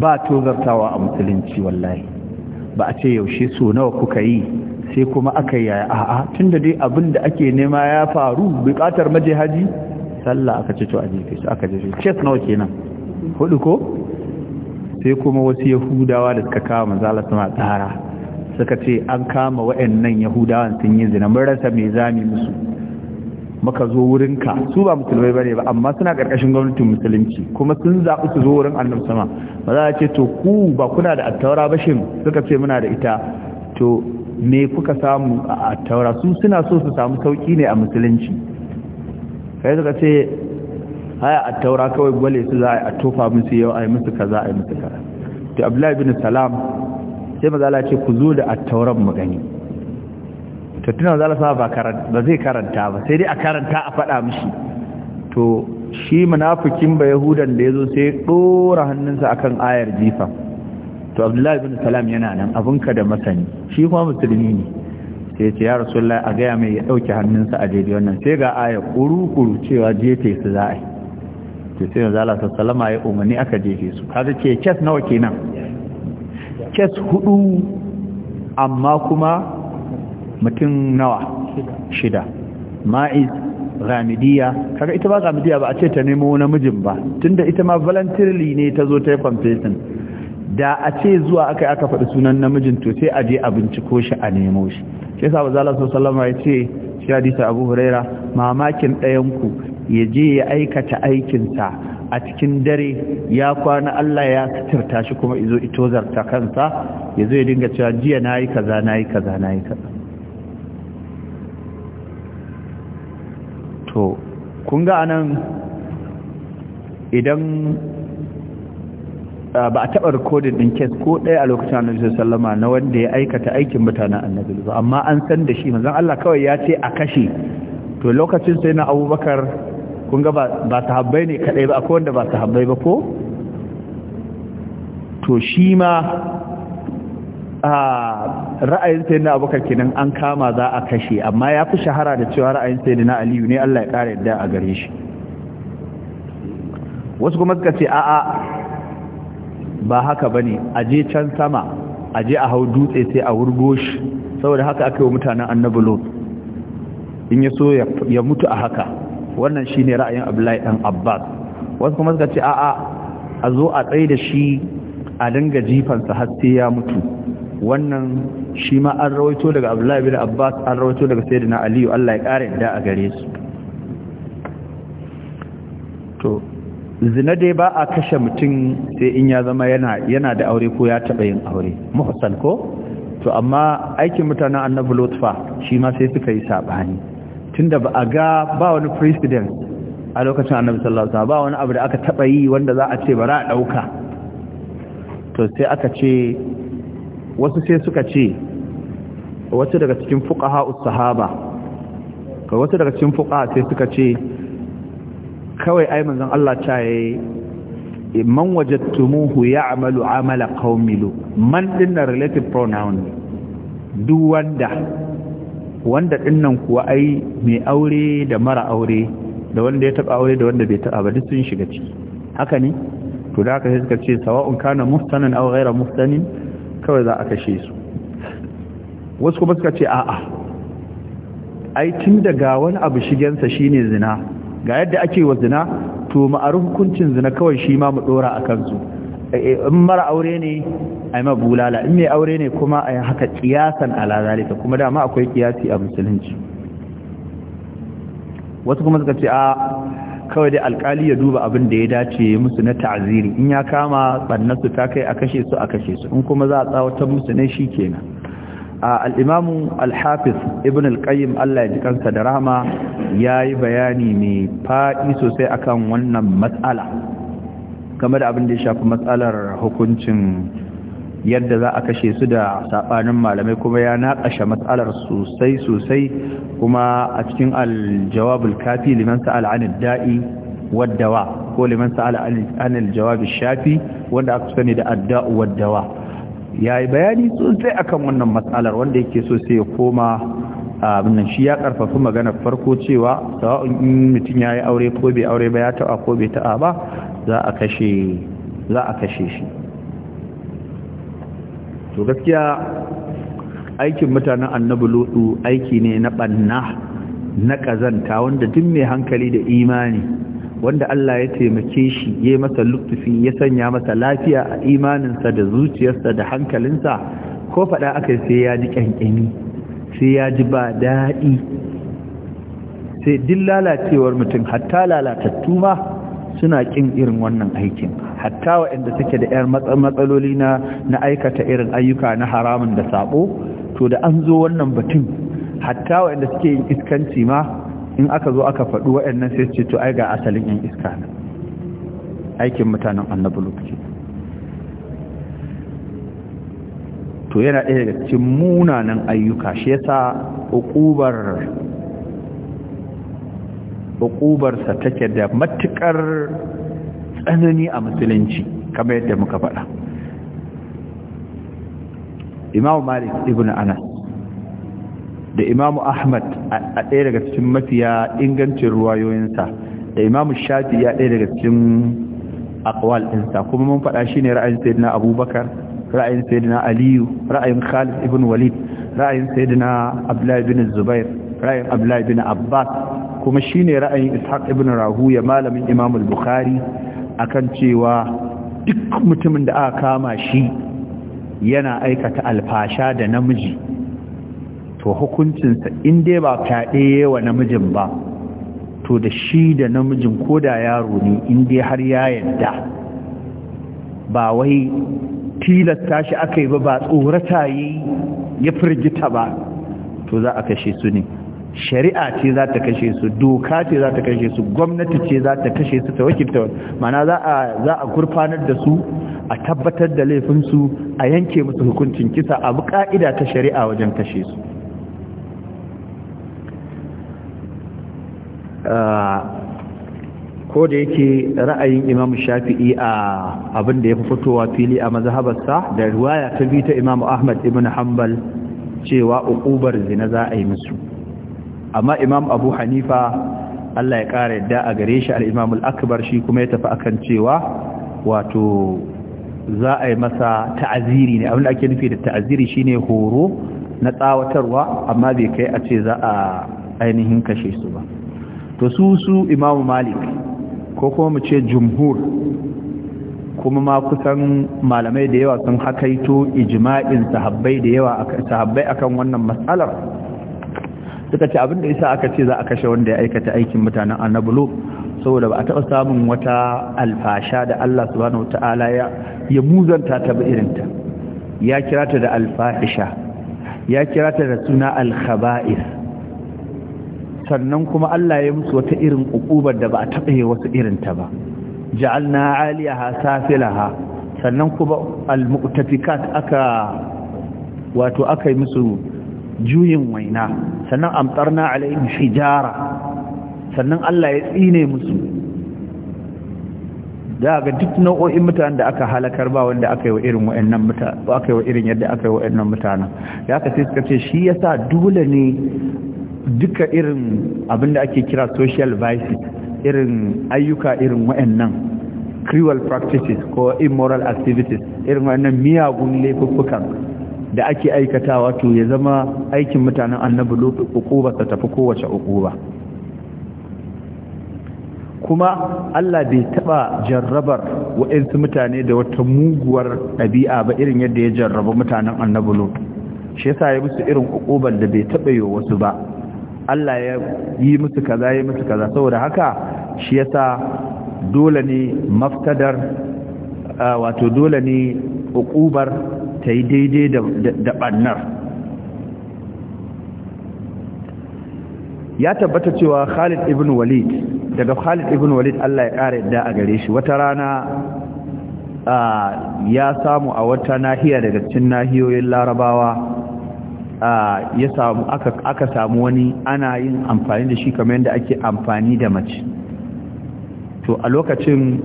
ba to zartawa a musulunci wallahi ba a ce yaushe so nawa kuka yi sai kuma aka yi yaya a'a tunda dai abin da ake nema ya faru bukatar maje haji sallah aka ce to a jefe su aka jefe kes nawa kenan hudu ko sai kuma wasu yahudawa da suka kama manzala suna tsara suka ce an kama wa'annan yahudawan sun yi zina mun rasa me zami musu maka zo wurinka su ba musulmai bane ba amma suna karkashin gwamnatin musulunci kuma sun zaɓi su zo wurin annabi sama ba za a ce to ku ba kuna da attaura ba shin suka ce muna da ita to me kuka samu a attaura su suna so su samu sauki ne a musulunci kai suka ce haya attaura kawai gwale su za a tofa musu yau a yi musu kaza a yi musu kaza to abdullahi bin salam sai maza ce ku zo da attauran mu gani Tattuna tunan zala Saba ba zai karanta ba sai dai a karanta a faɗa mishi to shi munafikin ba yahudan da ya zo sai ɗora hannunsa akan ayar jifa to abdullahi bin salam yana nan abinka da masani shi kuma musulmi ne sai ce ya rasulullah a gaya mai ya ɗauke hannunsa a daidai wannan sai ga aya kuru cewa jefe su za a yi to sai yanzu sallama ya umarni aka jefe su kaga ce kes nawa kenan kes hudu amma kuma mutum nawa shida ma'iz ramidiya kaga ita ba ramidiya ba a ce ta nemo namijin ba tunda ita ma voluntarily ne ta zo ta yi confession da a ce zuwa aka aka faɗi sunan namijin to sai a je a binciko shi a nemo shi sai yasa bazala sallallahu ya ce shi hadisi abu huraira mamakin ɗayan ku ya je ya aikata aikinsa a cikin dare ya kwana Allah ya tirtashi shi kuma izo ito zarta kansa ya zo ya dinga cewa jiya nayi yi kaza na kaza na kaza kun ga anan idan ah, ba a taɓa rikodin ɗin kes ko ɗaya a lokacin annabi sallama na wanda ya aikata aikin mutanen annabi ba amma an san da shi manzon Allah kawai ya ce a kashe to lokacin sai na abubakar kun ga ba sahabbai ne kaɗai ba akwai wanda ba sahabbai ba ko to shi ma ra'ayin sai na abokan kenan an kama za a kashe amma ya fi shahara da cewa ra'ayin sai na aliyu ne allah ya ƙara yadda a gare shi wasu kuma suka ce a'a ba haka ba ne a je can sama a je a hau dutse sai a wurgo shi saboda haka aka yi wa mutanen annabi lot in ya so ya mutu a haka wannan shi ne ra'ayin abdullahi ɗan abbas wasu kuma suka ce a'a a zo a tsaye da shi a dinga jifansa har sai ya mutu wannan shi ma an rawaito daga abdullahi bin abbas an rawaito daga sayyidina aliyu Allah ya kare da a gare su to zina dai ba a kashe mutum sai in ya zama yana yana da aure ko ya taba yin aure muhsan ko to amma aikin mutanen annabi lutfa shi ma sai suka yi sabani tunda ba a ga ba wani president a lokacin annabi sallallahu alaihi ba wani abu da aka taɓa yi wanda za a ce bara a ɗauka. to sai aka ce wasu sai suka ce wasu daga cikin fuqaha us-sahaba kai wasu daga cikin fuqaha sai suka ce kawai ai manzon Allah ta yi man wajadtumuhu ya'malu amala qaumilu man dinna relative pronoun duk wanda wanda dinnan kuwa ai mai aure da mara aure da wanda ya taba aure da wanda bai taba ba duk sun shiga ciki haka ne to da haka sai suka ce sawa'un kana muftanan aw ghayra muftanin kawai za a kashe su wasu kuma suka ce a'a ai tun daga wani abu shigensa shine zina ga yadda ake wa zina to ma'aru hukuncin zina kawai shi ma mu dora a kansu eh, eh, in mara aure ne a yi bulala in mai aure ne kuma a yi haka kiyasan alazalika kuma dama akwai kiyasi a musulunci wasu kuma suka ce a kawai dai alkali ya duba abin da ya dace musu na ta'aziri in ya kama su ta kai a kashe su a kashe su in kuma za a tsawatar musu ne shi kenan al'imamu al-hafiz ibn al-qayyim Allah ya ji kansa da rahama yayi bayani mai faɗi sosai akan wannan matsala game da abin da ya shafi matsalar hukuncin yadda za a kashe su da saɓanin malamai kuma ya naƙashe matsalar sosai sosai kuma a cikin aljawabul kafi liman sa'al an da'i waddawa ko liman sa'al an jawabi shafi wanda aka sani da adda'u waddawa yayi bayani sosai akan wannan matsalar wanda yake so sai ya koma abin shi ya ƙarfafa magana, farko cewa sawa'un in mutum yayi aure ko bai aure ba ya ta'a ko bai ta'a ba za a kashe za a kashe shi to gaskiya aikin mutanen annabi lodu aiki ne na banna na kazanta wanda duk mai hankali da imani wanda Allah ya taimake shi ya masa lutufi ya sanya masa lafiya a imaninsa da zuciyarsa da hankalinsa ko faɗa aka sai ya ji ƙyanƙyani sai ya ji ba daɗi sai duk lalacewar mutum hatta lalatattu ma suna kin irin wannan aikin hatta waɗanda suke da ƴan matsaloli na na aikata irin ayyuka na haramun da sabo to da an zo wannan batun hatta waɗanda suke yin iskanci ma in aka zo aka faɗi waɗannan sai ce to ai ga asalin yin iska ne aikin mutanen annabi lokaci to yana ɗaya daga cikin munanan ayyuka shi yasa uqubar hukubarsa take da matukar tsanani a musulunci kamar yadda muka faɗa imamu malik ibn anas da imamu ahmad a ɗaya daga cikin mafiya ingancin ruwayoyinsa da imamu shafi ya ɗaya daga cikin akwal ɗinsa kuma mun faɗa shi ne ra'ayin sayidina abubakar ra'ayin sayidina aliyu ra'ayin khalid ibn walid ra'ayin sayidina abdullahi bin zubair ra'ayin abdullahi bin abbas kuma shi ne ra'ayin ishaq ibn rahuya malamin imam al-bukhari kan cewa duk mutumin da aka kama shi yana aikata alfasha da namiji to hukuncinsa in ba fyaɗe wa namijin ba to da shi da namijin ko da yaro ne in har ya yadda ba wai tilasta shi aka yi ba ba tsorata yi ya firgita ba to za a kashe su ne shari'a ce za ta kashe su doka ce za ta kashe su gwamnati ce za ta kashe su ta wakilta mana za a gurfanar da su a tabbatar da laifinsu a yanke musu hukuncin kisa abu ka'ida ta shari'a wajen kashe su ah, ko da yake ra'ayin imam shafi'i a abin da ya fi fitowa fili a mazhabarsa da ruwaya ta bi ta imam ahmad ibn hanbal cewa uqubar zina za a yi musu amma imam abu hanifa Allah ya ƙara yadda a gare shi alimamul akbar shi kuma ya tafi akan cewa wato za a yi masa ta'aziri ne abinda ake nufi da ta'aziri shi ne horo na tsawatarwa amma bai kai a ce za a ainihin kashe su ba to su su imamu malik ko kuma mu ce jumhur kuma ma kusan malamai da yawa sun hakaito ijma'in sahabbai sahabbai akan wannan matsalar suka ce abinda yasa aka ce za a kashe wanda ya aikata aikin mutanen annabulo saboda ba a taɓa samun wata alfasha da Allah subhanahu wataala ya ya muzanta ta ba irinta ya kirata da alfahisha ya kirata da suna alkhaba'is sannan kuma Allah ya musu wata irin ukubar da ba a taɓa yi wasu irinta ba ja'alna 'aliyaha safilaha sannan kuma al-mu'tafikat aka wato aka yi musu juyin waina sannan amtarna alaihim hijara sannan Allah ya tsine musu da ga duk nau'o'in mutanen da aka halakar ba wanda aka yi wa irin wa'annan mutane aka yi wa irin yadda aka yi wa wa'annan mutanen ya ka sai suka ce shi yasa dole ne duka irin abin da ake kira social vices irin ayyuka irin wa'annan cruel practices ko immoral activities irin wa'annan miyagun laifuffukan da ake aikata wato ya zama aikin mutanen annabi lutu ukuba ta tafi kowace ukuba kuma Allah bai taba jarrabar wa'insu mutane da wata muguwar ɗabi'a ba irin yadda ya jarraba mutanen annabi lutu shi yasa ya musu irin ukubar da bai taba yi wasu ba Allah ya yi musu kaza ya musu kaza saboda haka shi yasa dole ne maftadar wato dole ne ukubar ta yi daidai da ɓannar ya tabbata cewa khalid ibn walid daga khalid ibn walid allah ya ƙara yadda a gare shi wata rana ya samu a wata nahiya daga cikin nahiyoyin larabawa ya samu aka samu wani ana yin amfani da shi kamar yadda ake amfani da mace to a lokacin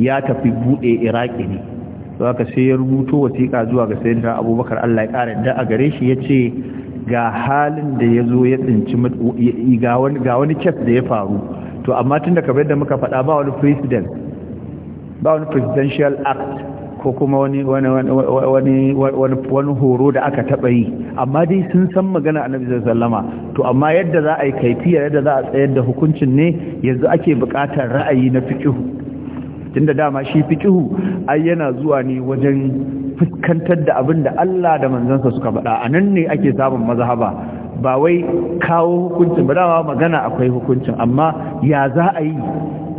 ya tafi buɗe iraki ne zaka sai ya rubuto wasiƙa zuwa ga sayin da abubakar allah ya ƙara da a gare shi ya ce ga halin da ya zo ya tsinci ga wani kes da ya faru to amma tun da kamar yadda muka faɗa ba wani president ba wani presidential act ko kuma wani horo da aka taɓa yi amma dai sun san magana a sallama to amma yadda za a yi kaifi yadda za a tsayar da hukuncin ne yanzu ake buƙatar ra'ayi na fiƙihu tunda dama shi fikihu ai yana zuwa ne wajen fuskantar da abin da Allah da manzansa suka faɗa a nan ne ake samun mazhaba ba wai kawo hukuncin ba dawa magana akwai hukuncin amma ya za a yi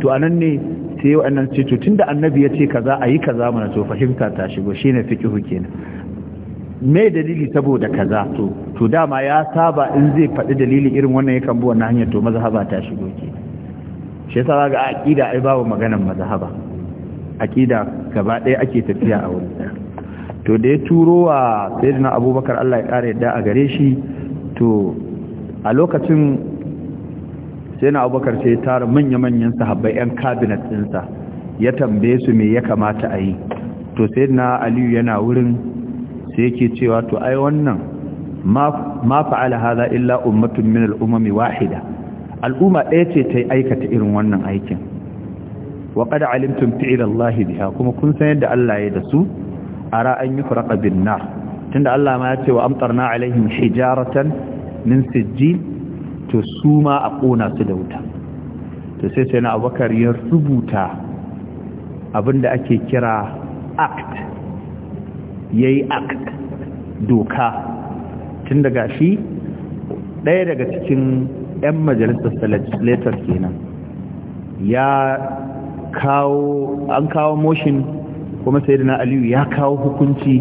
to a nan ne sai wa'annan ce to tunda annabi ya ce kaza a yi kaza mana to fahimta ta shigo shine fiqhu kenan me dalili saboda kaza to to dama ya saba in zai faɗi dalili irin wannan yakan bi wannan hanyar to mazhaba ta shigo ke shi yasa ga aqida ai babu maganar mazhaba akida gaba ɗaya ake tafiya a wurin to da ya turo wa sayyidina abubakar Allah ya ƙara yadda a gare shi to a lokacin sayyidina abubakar sai ya tara manya-manyan sahabbai 'yan kabinet ɗinsa ya tambaye su me ya kamata a yi to sayyidina aliyu yana wurin sai yake cewa to ai wannan ma fa'ala hadha illa ummatun min al mai wahida al'umma ɗaya ce ta aikata irin wannan aikin wa qad alimtum fi'la Allah biha kuma kun san yadda Allah ya da su ara an yufraqa bin nar tunda Allah ma ya ce wa amtarna alaihim hijaratan min sijjil to su ma a su da wuta to sai sai na Abubakar ya rubuta abinda ake kira act yayi act doka Tunda gashi ɗaya daga cikin 'yan majalisar legislator kenan ya kawo an kawo motion kuma sayyidina aliyu ya kawo hukunci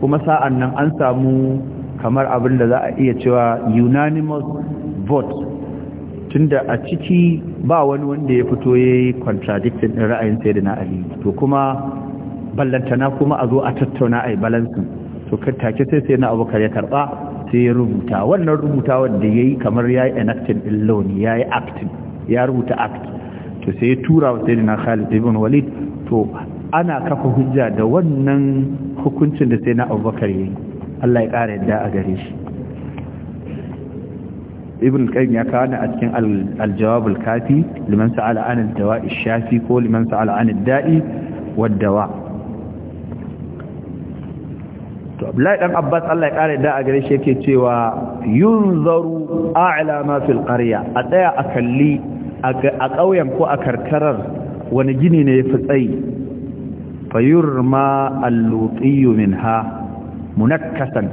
kuma sa'an nan an samu kamar abin da za a iya cewa unanimous vote tunda a ciki ba wani wanda ya fito ya yi contradicting ɗin ra'ayin sayyidina aliyu to kuma ballantana kuma a zo a tattauna a yi balansin to take sai sai na abokar ya karba sai ya rubuta wannan rubuta wanda ya yi kamar ya yi enacting ɗin launi ya yi acting ya rubuta acting to sai ya tura wa sayyidina Khalid ibn Walid to ana kafa hujja da wannan hukuncin da sai na Abubakar yi Allah ya ƙara yadda a gare shi ibn qayyim ya kawo a cikin al al-kafi liman sa'ala an al-dawa'i shafi ko liman sa'ala an al-da'i wad-dawa to Abdullahi dan Abbas Allah ya kare da a gare shi yake cewa yunzaru a'la ma fil qarya a tsaya a kalli a ƙauyen ko a karkarar wani gini ne ya fi tsayi fayur ma allutsiyu min ha munakkasan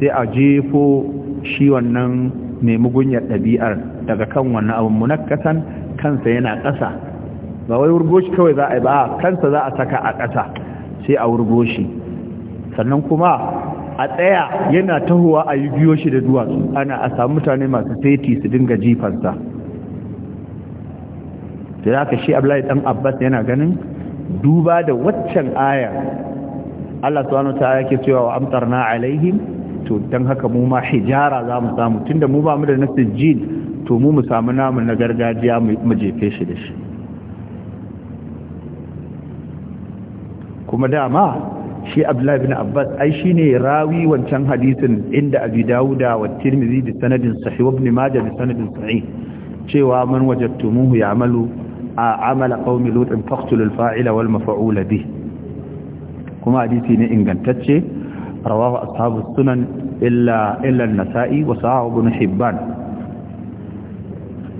sai a jefo shi wannan mai mugunyar ɗabi'ar daga kan wannan abin munakkasan kansa yana ƙasa ba wai wurgo shi kawai za a yi ba kansa za a saka a ƙasa sai a wurgo shi sannan kuma a tsaya yana tahowa a yi biyo shi da duwatsu ana a samu mutane masu seti su dinga jifansa da aka shi abdullahi dan abbas yana ganin duba da waccan aya Allah subhanahu ta'ala yake cewa wa amtarna alaihim to dan haka mu ma hijara za mu samu tunda mu ba mu da nasu jin to mu mu samu namu na gargajiya mu jefe shi da shi kuma dama shi abdullahi bin abbas ai shine rawi wancan hadisin inda abi dauda wa tirmidhi da sanadin sahih ibn majah da sanadin sahih cewa man wajadtumuhu ya'malu a amala qaumi lutin faqtul fa'ila wal maf'ul bih kuma hadisi ne ingantacce rawahu ashabu sunan illa illa nasai wa hibban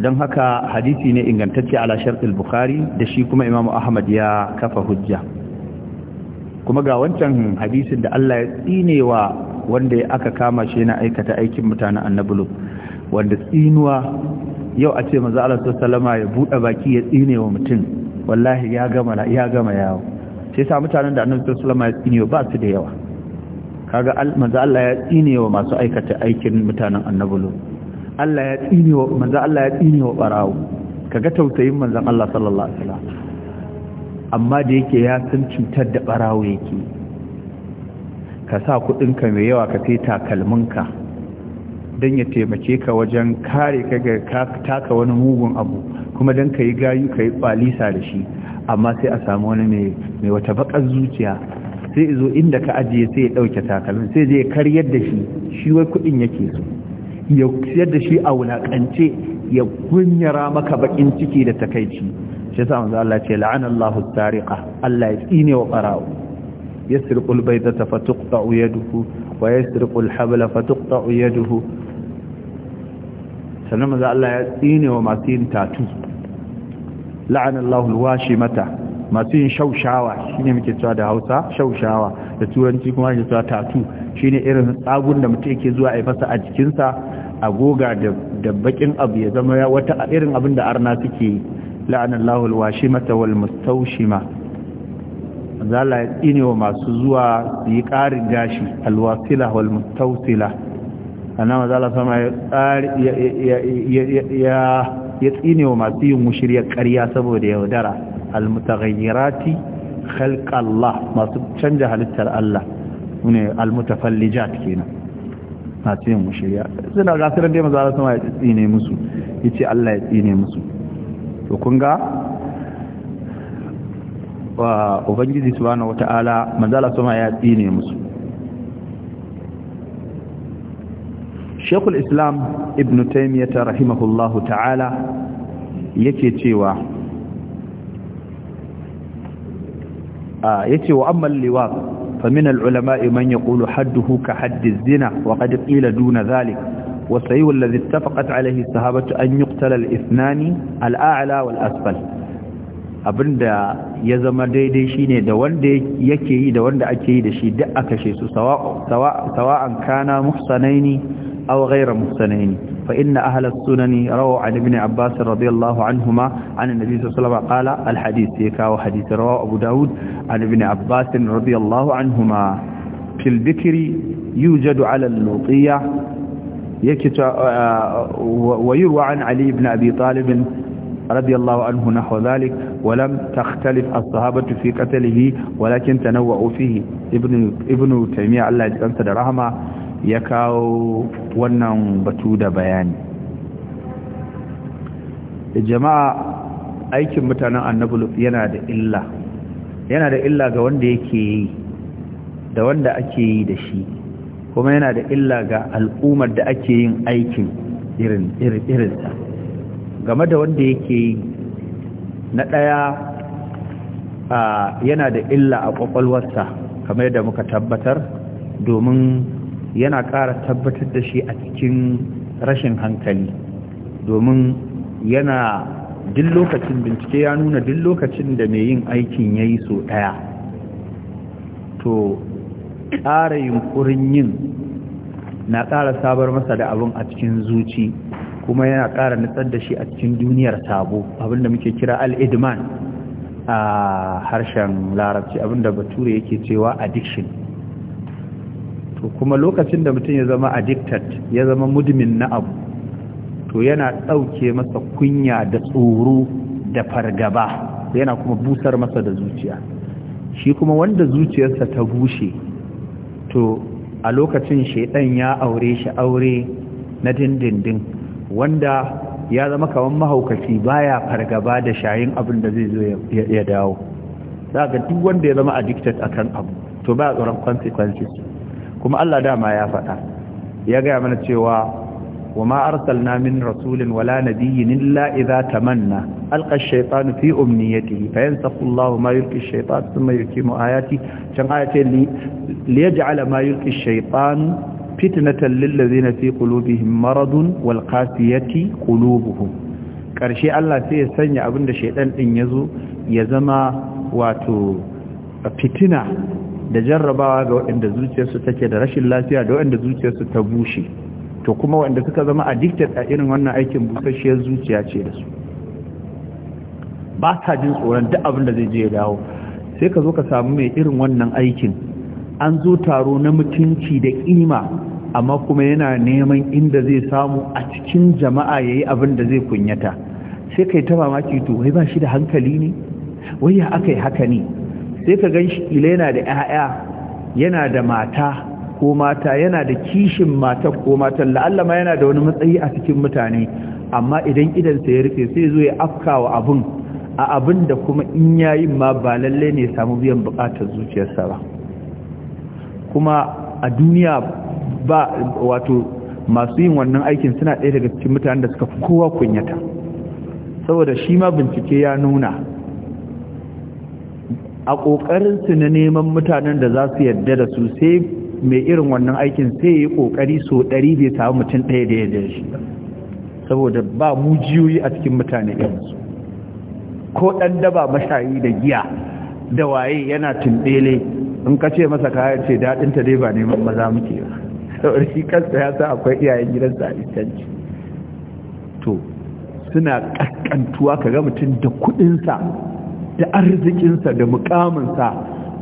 dan haka hadisi ne ingantacce ala shart bukhari da shi kuma imam ahmad ya kafa hujja kuma ga wancan hadisin da Allah ya tsinewa wanda aka kama shi yana aikata aikin mutanen annabulu wanda tsinuwa yau a ce manzo Allah sallama ya bude baki ya tsine wa mutum wallahi ya gama ya gama yawo sai sa mutanen da annabta sallama ya tsine ba su da yawa kaga maza Allah ya tsine wa masu aikata aikin mutanen annabi Allah ya tsine wa Allah ya tsine wa barawo kaga tausayin manzon Allah sallallahu alaihi wasallam amma da yake ya san cutar da barawo yake ka sa kuɗinka mai yawa ka sai takalminka don ya taimake ka wajen kare ka ga taka wani mugun abu kuma don ka yi gayu ka yi balisa da shi amma sai a samu wani mai wata bakar zuciya sai zo inda ka ajiye sai ya ɗauke takalmin sai zai karyar da shi shi wai kuɗin yake so ya siyar da shi a wulaƙance ya gunyara maka bakin ciki da takaici shi sa wanzu Allah ce la'ana Allah tariqa Allah ya tsine wa Ya zata yasriqul baydata fatuqta'u yaduhu wa sirƙul habla ya duhu sannan maza Allah ya tsine wa masu yin tatu la'anallahu shi mata masu yin shaushawa shine muke cewa da Hausa shaushawa da turanci kuma ake cewa tatu Shi ne irin tsagun da mutu yake zuwa a fasa a jikinsa a goga da bakin abu ya zama wata irin abin da arna suke la'anallahu mata, wal mustawshima zala ya tsine wa masu zuwa su yi ƙarin gashi alwasila wal mustawsila annan mazala sama ya tsine wa masu yin mushiriyar ƙarya saboda yaudara almutaghayyirati khalq Allah masu canja halittar Allah ne almutafallijat kenan masu yin mushiriya suna gasar da mazala sama ya tsine musu yace Allah ya tsine musu to kun ga wa ubangiji subhanahu wataala mazala sama ya tsine musu shekul islam ibn taimiyata rahimahullahu ta'ala yake cewa ah, yace wa amma liwat famin ulama man yaqulu hadduhu ka haddi zina wa qad qila duna dhalik wa sayyul ladhi ittafaqat alayhi sahabatu an yuqtala al-ithnani al-a'la wal-asfal abinda ya zama daidai shine da wanda yake yi da wanda ake yi da shi duk aka kashe su sawa'an kana muhsanaini أو غير مقتنعين فإن أهل السنن رووا عن ابن عباس رضي الله عنهما عن النبي صلى الله عليه وسلم قال الحديث يكا وحديث رواه أبو داود عن ابن عباس رضي الله عنهما في البكر يوجد على اللوطية آه، آه، ويروى عن علي بن أبي طالب رضي الله عنه نحو ذلك ولم تختلف الصحابة في قتله ولكن تنوعوا فيه ابن, ابن تيمية الله يجب أن رحمه ya kawo wannan batu da bayani Da eh, jama'a aikin mutanen annabulu yana da illa yana da illa ga wanda yake yi da wanda ake yi da shi kuma yana da illa ga al'ummar da ake yin aikin irin irinsa game da wanda yake yi na ɗaya yana da illa a ƙwaƙwalwarsa kamar yadda muka tabbatar domin yana ƙara tabbatar da shi a cikin rashin hankali domin yana duk lokacin bincike ya nuna duk lokacin da mai yin aikin ya yi so ɗaya to ƙara yunkurin yin na ƙara sabar masa da abin a cikin zuci kuma yana ƙara nutsar da shi a cikin duniyar sabo abinda muke kira al'idman a harshen larabci abinda bature yake cewa addiction to kuma lokacin da mutum ya zama addicted ya zama mudmin na abu to yana ɗauke masa kunya da tsoro da fargaba yana kuma busar masa da zuciya shi kuma wanda zuciyarsa ta bushe to a lokacin shaidan ya aure shi aure na dindindin wanda ya zama kawan mahaukaci baya fargaba da shayin abin da zai zo ya dawo za ga duk wanda ya zama addicted akan abu to ba a tsoron consequences kuma Allah dama ya faɗa ya gaya mana cewa wa ma arsalna min rasulin wala nabiyyin illa idza tamanna alqa ash-shaytanu fi umniyatihi fa yansakhu Allahu ma yulqi ash-shaytan thumma yukimu ayati can ayati li liyaj'ala ma yulqi ash-shaytan fitnatan lil ladzina fi qulubihim maradun wal qasiyati qulubuhum karshe Allah sai ya sanya abinda shaytan din yazo ya zama wato fitina da jarrabawa ga waɗanda zuciyarsu take da rashin lafiya da waɗanda zuciyarsu ta bushe to kuma waɗanda suka zama addicted a irin wannan aikin busasshiyar zuciya ce da su ba ta jin tsoron duk abin da zai je ya dawo sai ka zo ka samu mai irin wannan aikin an zo taro na mutunci da ƙima amma kuma yana neman inda zai samu a cikin jama'a ya yi abin da zai kunyata sai kai ta mamaki to wai ba shi da hankali ne wai ya aka yi haka ne sai ka gan shi ila yana da 'ya'ya yana da mata ko mata yana da kishin mata ko matan la'allama yana da wani matsayi a cikin mutane amma idan idansa ya rufe sai zo ya afkawa abin a abin da kuma in yayi ma ba lalle ne samu biyan bukatar zuciyarsa ba kuma a duniya ba wato masu yin wannan aikin suna ɗaya daga cikin mutanen da suka fi kowa kunyata saboda shi ma bincike ya nuna a ƙoƙarin su na neman mutanen da za su yarda da su sai mai irin wannan aikin sai ya ƙoƙari so ɗari bai samu mutum ɗaya da yarda shi saboda ba mujiyoyi a cikin mutane su ko ɗan daba mashayi da giya da waye yana tumbele in ka ce masa kaya ce ta dai ba neman maza muke ba saboda shi kansa ya sa akwai iyayen gidansa a iskanci to suna ƙanƙantuwa ka ga mutum da kuɗinsa da arzikinsa da mukaminsa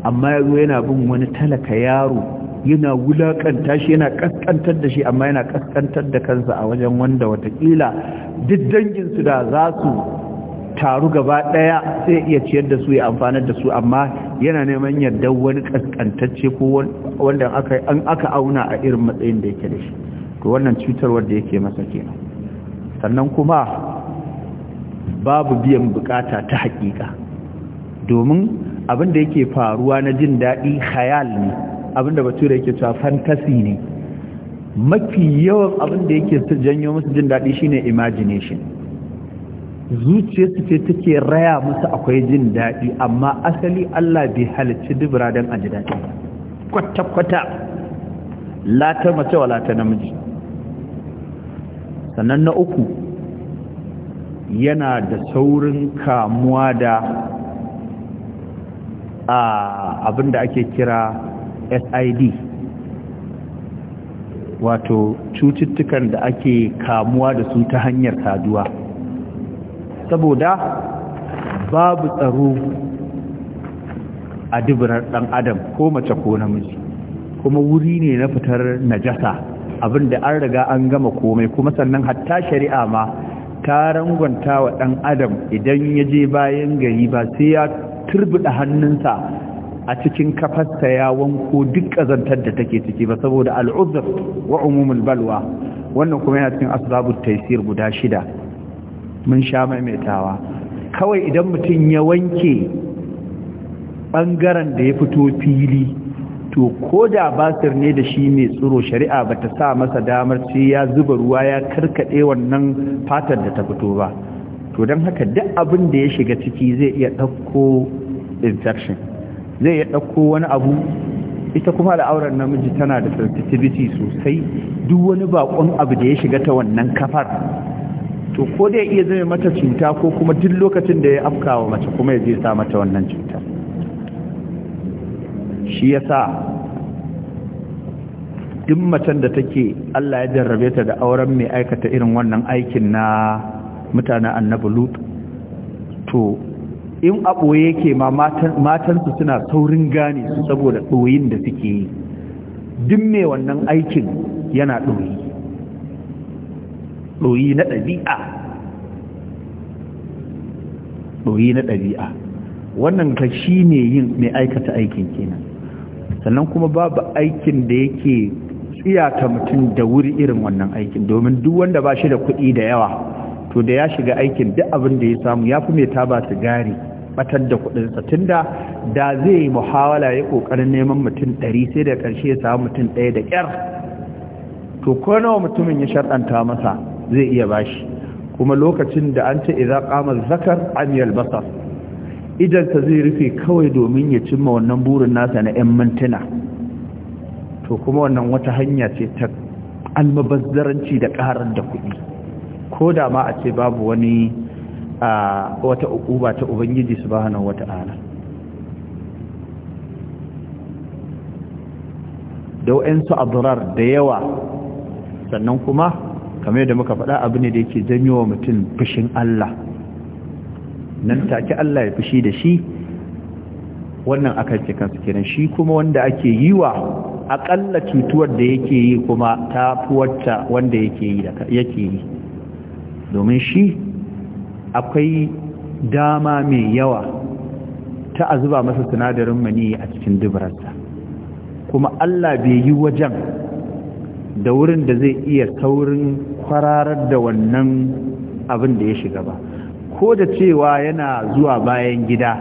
amma ya yana bin wani talaka yaro yana wulakanta shi yana kaskantar da shi amma yana kaskantar da kansa a wajen wanda watakila duk danginsu da za su taru gaba ɗaya sai iya ciyar da su ya amfanar da su amma yana neman yardar wani kaskantacce ko wanda an aka auna a irin matsayin da yake da shi to wannan cutarwar da yake masa kenan sannan kuma babu biyan bukata ta haƙiƙa domin abin da yake faruwa na jin daɗi hayal ne abin da batura yake cewa fantasy ne mafi yawan abin da yake janyo musu jin daɗi shine imagination su ce take raya musu akwai jin daɗi amma asali Allah bai halicci dubura don a ji daɗi kwata-kwata lata mace wa latar namiji sannan na uku yana da saurin kamuwa da abin da ake kira sid wato cututtukan da ake kamuwa da su ta hanyar saduwa saboda babu tsaro a dubirar ɗan adam ko mace ko namiji kuma wuri ne na fitar najasa abinda an riga an gama komai kuma sannan hatta shari'a ma ta rangwanta wa ɗan adam idan ya je bayan gari ba sai ya turbuɗa hannunsa a cikin kafarsa ya wanko duk ƙazantar da take ciki ba saboda al'uzur wa umumul balwa wannan kuma yana cikin asbabut taysir guda shida mun sha maimaitawa kawai idan mutum ya wanke ɓangaren da ya fito fili to ko da basir ne da shi mai tsoro shari'a ba ta sa masa damar sai ya zuba ruwa ya karkaɗe wannan fatar da ta fito ba to don haka duk abin da ya shiga ciki zai iya ɗauko infection zai iya ɗauko wani abu ita kuma auren namiji tana da sensitivity sosai duk wani bakon abu da ya shiga ta wannan kafar to ko da ya iya zai mata cuta ko kuma duk lokacin da ya afkawa mace kuma ya zai sa mata wannan cuta shi ya sa duk macen da take Allah ya jarrabe ta da auren mai aikata irin wannan aikin na mutanen annabi lut to in a ɓoye yake ma matansu suna saurin gane su saboda ɗoyin da suke yi duk mai wannan aikin yana ɗoyi ɗoyi na ɗabi'a ɗoyi na ɗabi'a wannan ka shi ne yin mai aikata aikin kenan sannan kuma babu aikin da yake tsiyata mutum da wuri irin wannan aikin domin duk wanda ba shi da kuɗi da yawa to da ya shiga aikin duk abin da ya samu ya fi mai taba sigari batar da kudinsa tunda da zai yi muhawala ya kokarin neman mutum ɗari sai da ƙarshe ya samu mutum ɗaya da ƙyar to ko nawa mutumin ya shaɗanta masa zai iya bashi kuma lokacin da an ce idan qama zakar amiyal basar idansa zai rufe kawai domin ya cimma wannan burin nasa na 'yan mintuna to kuma wannan wata hanya ce ta almabazzaranci da ƙarar da kuɗi ko da ma a ce babu wani wata uba ta ubangiji su subhanahu wata'ala da wa'ansu durar da yawa sannan kuma kamar da muka faɗa abu ne da yake zanyo wa mutum fushin Allah nan take Allah ya fushi da shi wannan aka ce kansu kenan shi kuma wanda ake yi wa akalla cutuwar da yake yi kuma ta fi wacce wanda yake yi domin shi akwai dama mai yawa ta a zuba masa sinadarin mani a cikin dubararsa kuma Allah bai yi wajen da wurin da zai iya saurin kwararar da wannan abin da ya shiga ba ko da cewa yana zuwa bayan gida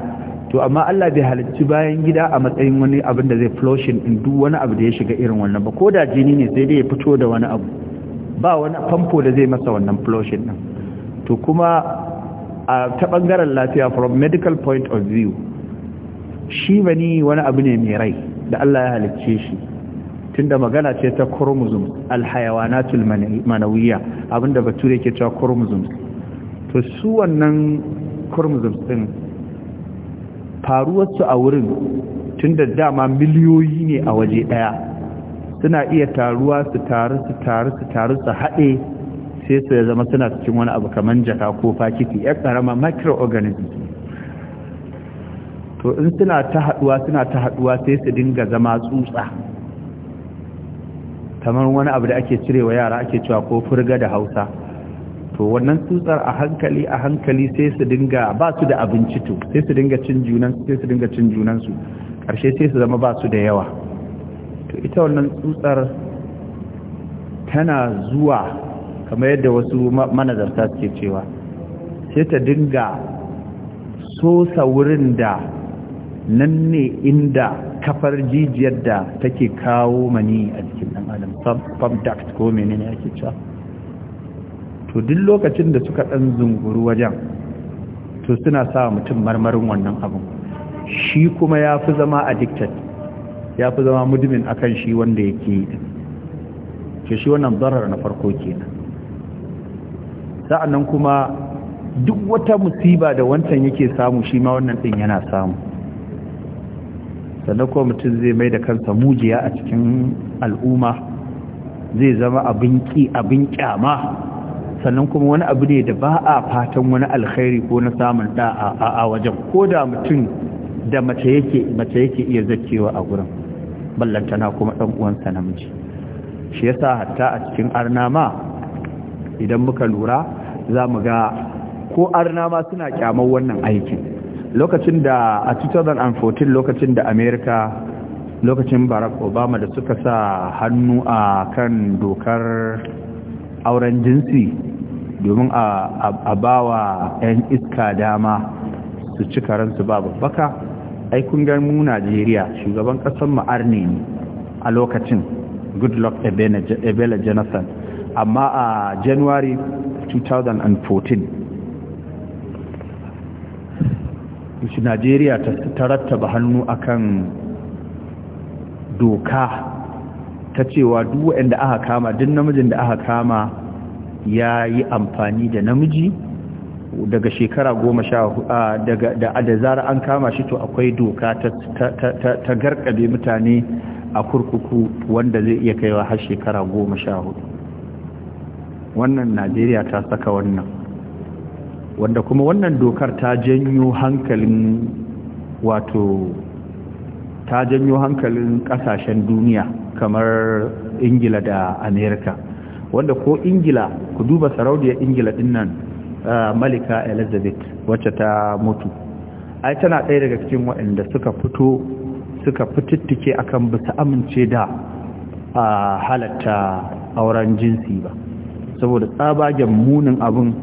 to amma Allah bai halicci bayan gida a matsayin wani abin da zai flushing in duk wani abu da ya shiga irin wannan ba ko da jini ne sai dai ya fito da wani abu ba wani famfo da zai masa wannan flushing din to kuma a ta bangaren lafiya from medical point of view shi bani wani abu ne mai rai da Allah ya halicce shi tunda magana ce ta chromosomes alhayawanatul manawiyya abinda bature yake cewa chromosomes to su wannan chromosomes din faruwar su a wurin tunda dama miliyoyi ne a waje daya suna iya taruwa su taru su taru su taru su haɗe sai su zama suna cikin wani abu kamar jaka ko fakiti ya karama microorganism to in suna ta haɗuwa suna ta haɗuwa sai su dinga zama tsutsa kamar wani abu da ake cire wa yara ake cewa ko furga da hausa to wannan tsutsar a hankali a hankali sai su dinga ba su da abinci to sai su dinga cin junan sai su dinga cin junan su karshe sai su zama ba su da yawa to ita wannan tsutsar tana zuwa kamar yadda wasu manazarta suke cewa sai ta dinga sosa wurin da nan ne inda kafar jijiyar da take kawo mani a jikin ɗan adam pump duct ko menene ake cewa to duk lokacin da suka ɗan zunguru wajen to suna sa mutum marmarin wannan abin shi kuma ya fi zama addicted ya fi zama mudumin akan shi wanda yake yi Ke shi wannan zarar na farko kenan sa'annan kuma duk wata musiba da wancan yake samu shi ma wannan ɗin yana samu sannan kuma mutum zai mai da kansa mujiya a cikin al'umma zai zama abin ki abin kyama sannan kuma wani abu ne da ba a fatan wani alkhairi ko na samun ɗa a wajen ko da mutum da mace yake mace yake iya zakewa a gurin ballantana kuma ɗan uwansa namiji shi yasa hatta a cikin arnama idan muka lura za mu ga ko arnama suna kyamar wannan aikin lokacin da a 2014 lokacin da america lokacin barack obama da suka sa hannu a kan dokar auren jinsi domin a bawa 'yan iska dama su ci karansu ba babbaka ai kun ga mu Najeriya shugaban kasar mu arne ne a lokacin Goodluck Ebele Jonathan amma a January 2014 shi najeriya ta rattaba hannu akan doka ta cewa duk wanda aka kama duk namijin da aka kama yayi amfani da namiji daga shekara goma sha daga da zara an kama shi to akwai doka ta garkabe mutane a kurkuku wanda zai iya kaiwa har shekara goma sha hudu wannan najeriya ta saka wannan wanda kuma wannan dokar ta janyo hankalin wato ta janyo hankalin kasashen duniya kamar ingila da amerika wanda ko ingila ku duba sarauniyar ingila din malika elizabeth wacce ta mutu ai tana ɗaya daga cikin waɗanda suka fito suka fitittike akan ba su amince da halatta auren jinsi ba saboda tsabagen munin abin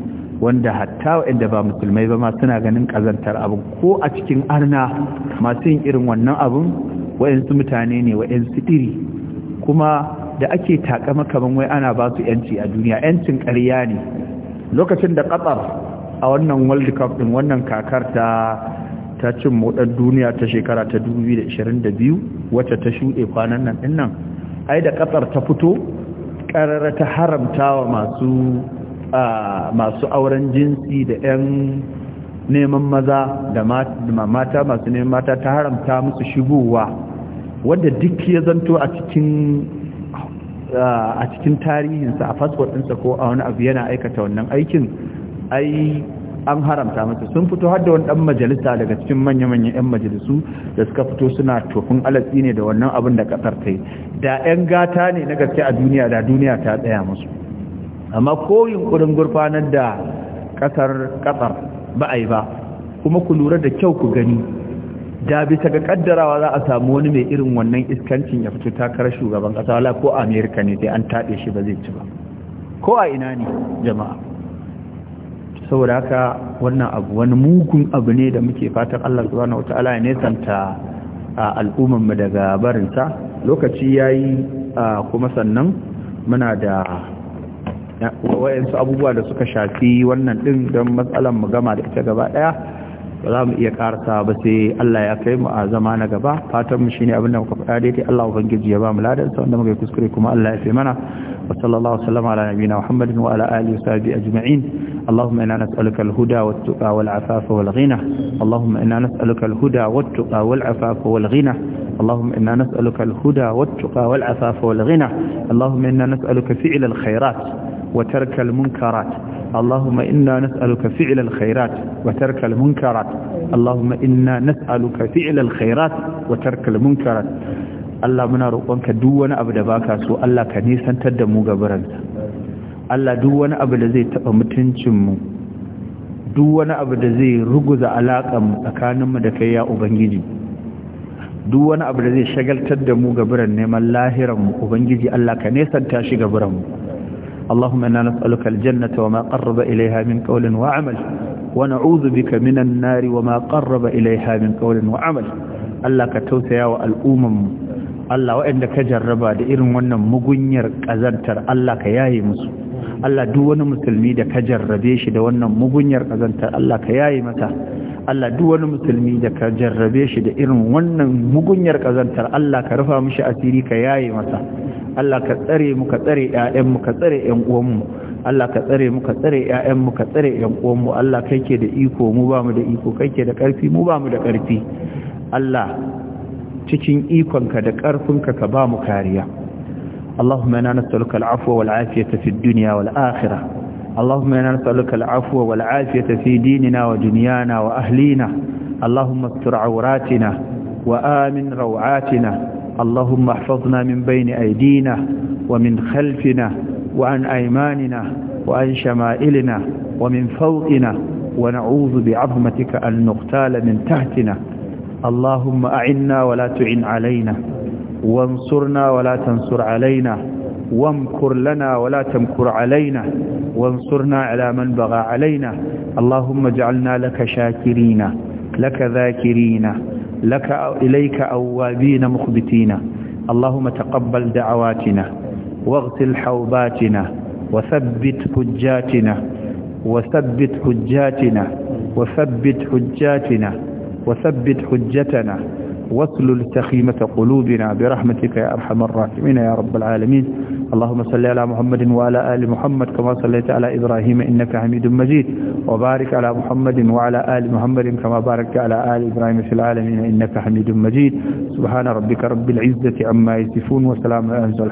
wanda hatta waɗanda ba musulmai ba ma suna ganin ƙazantar abin ko a cikin arna masu yin irin wannan abin waɗansu mutane ne waɗansu iri kuma da ake taƙama kaman wai ana ba su ‘yanci a duniya ‘yancin ƙarya ne lokacin da ƙasar a wannan world cup din wannan kakar ta ta cin modan duniya ta shekara ta 2022 wacce ta shuɗe kwanan nan nan, ai da ƙasar ta fito ƙarar ta haramtawa masu masu auren jinsi da 'yan neman maza da mata masu neman mata ta haramta musu shigowa wadda duk ya zanto a cikin a cikin tarihinsa a fasfot ɗinsa ko a wani abu yana aikata wannan aikin ai an haramta masa sun fito har da wani dan majalisa daga cikin manya-manyan 'yan majalisu da suka fito suna tofin alatsi ne da wannan abin da kasar ta yi da 'yan gata ne na gaske a duniya da duniya ta tsaya musu amma ko yunkurin gurfanar da kasar kasar ba a yi ba kuma ku lura da kyau ku gani da bisa ga kaddarawa za a samu wani mai irin wannan iskancin ya fito takarar shugaban kasa wala ko amerika ne sai an taɓe shi ba zai ci ba ko a ina ne jama'a saboda haka wannan abu wani mugun abu ne da muke fatan allah subhanahu wataala ya nesanta al'ummarmu daga barinsa lokaci ya yi kuma sannan muna da wayansu abubuwa da suka shafi wannan ɗin don matsalar mu gama da ita gaba ɗaya ba za mu iya karasa ba sai Allah ya kai mu a zama na gaba fatan mu shine abin da muka faɗa daidai Allah ubangiji ya ba mu ladan sa wanda muka yi kuskure kuma Allah ya fi mana wa sallallahu sallama ala nabiyina muhammadin wa ala alihi wa sahbihi ajma'in اللهم إنا نسألك الهدى والتقى والعفاف والغنى اللهم إنا نسألك الهدى والتقى والعفاف والغنى اللهم إنا نسألك الهدى والتقى والعفاف والغنى اللهم إنا نسألك فعل الخيرات وترك المنكرات اللهم إنا نسألك فعل الخيرات وترك المنكرات اللهم إنا نسألك فعل الخيرات وترك المنكرات Allah muna roƙonka duk wani abu da baka so Allah ka nisantar da mu gabaransa Allah duk wani zai taɓa mutuncinmu duk zai ruguza alaƙanmu tsakaninmu da kai ya Ubangiji duk wani abu da zai shagaltar da mu gabaran neman lahiranmu Ubangiji Allah ka nesanta shi biranmu. اللهم إنا نسألك الجنة وما قرب إليها من قول وعمل ونعوذ بك من النار وما قرب إليها من قول وعمل الله كتوسيا والأمم ka jarraba da irin wannan mugunyar ƙazantar Allah ka yaye musu Allah duk wani musulmi da ka jarrabe shi da wannan mugunyar ƙazantar Allah ka yaye mata Allah duk wani musulmi da ka jarrabe shi da irin wannan mugunyar kazantar Allah ka rufa mishi asiri ka yaye mata Allah ka tsare mu ka tsare ƴaƴan mu ka tsare ƴan uwan mu Allah ka tsare mu ka tsare ƴaƴan mu ka tsare ƴan uwan mu Allah kai da iko mu ba mu da iko kai da ƙarfi mu ba mu da ƙarfi Allah cikin ikonka da ƙarfin ka ba mu kariya Allahumma inna nas'aluka al-'afwa wal-'afiyata fid dunya wal-akhirah اللهم إنا نسألك العفو والعافية في ديننا ودنيانا وأهلينا اللهم استر عوراتنا وآمن روعاتنا اللهم احفظنا من بين أيدينا ومن خلفنا وعن أيماننا وعن شمائلنا ومن فوقنا ونعوذ بعظمتك أن نغتال من تحتنا اللهم أعنا ولا تعن علينا وانصرنا ولا تنصر علينا وامكر لنا ولا تمكر علينا وانصرنا على من بغى علينا اللهم اجعلنا لك شاكرين لك ذاكرين لك إليك أوابين مخبتين اللهم تقبل دعواتنا واغسل حوباتنا وثبت حجاتنا وثبت حجاتنا وثبت حجاتنا وثبت حجتنا واسلل سخيمة قلوبنا برحمتك يا أرحم الراحمين يا رب العالمين اللهم صل على محمد وعلى آل محمد كما صليت على إبراهيم إنك حميد مجيد وبارك على محمد وعلى آل محمد كما باركت على آل إبراهيم في العالمين إنك حميد مجيد سبحان ربك رب العزة عما يصفون وسلام على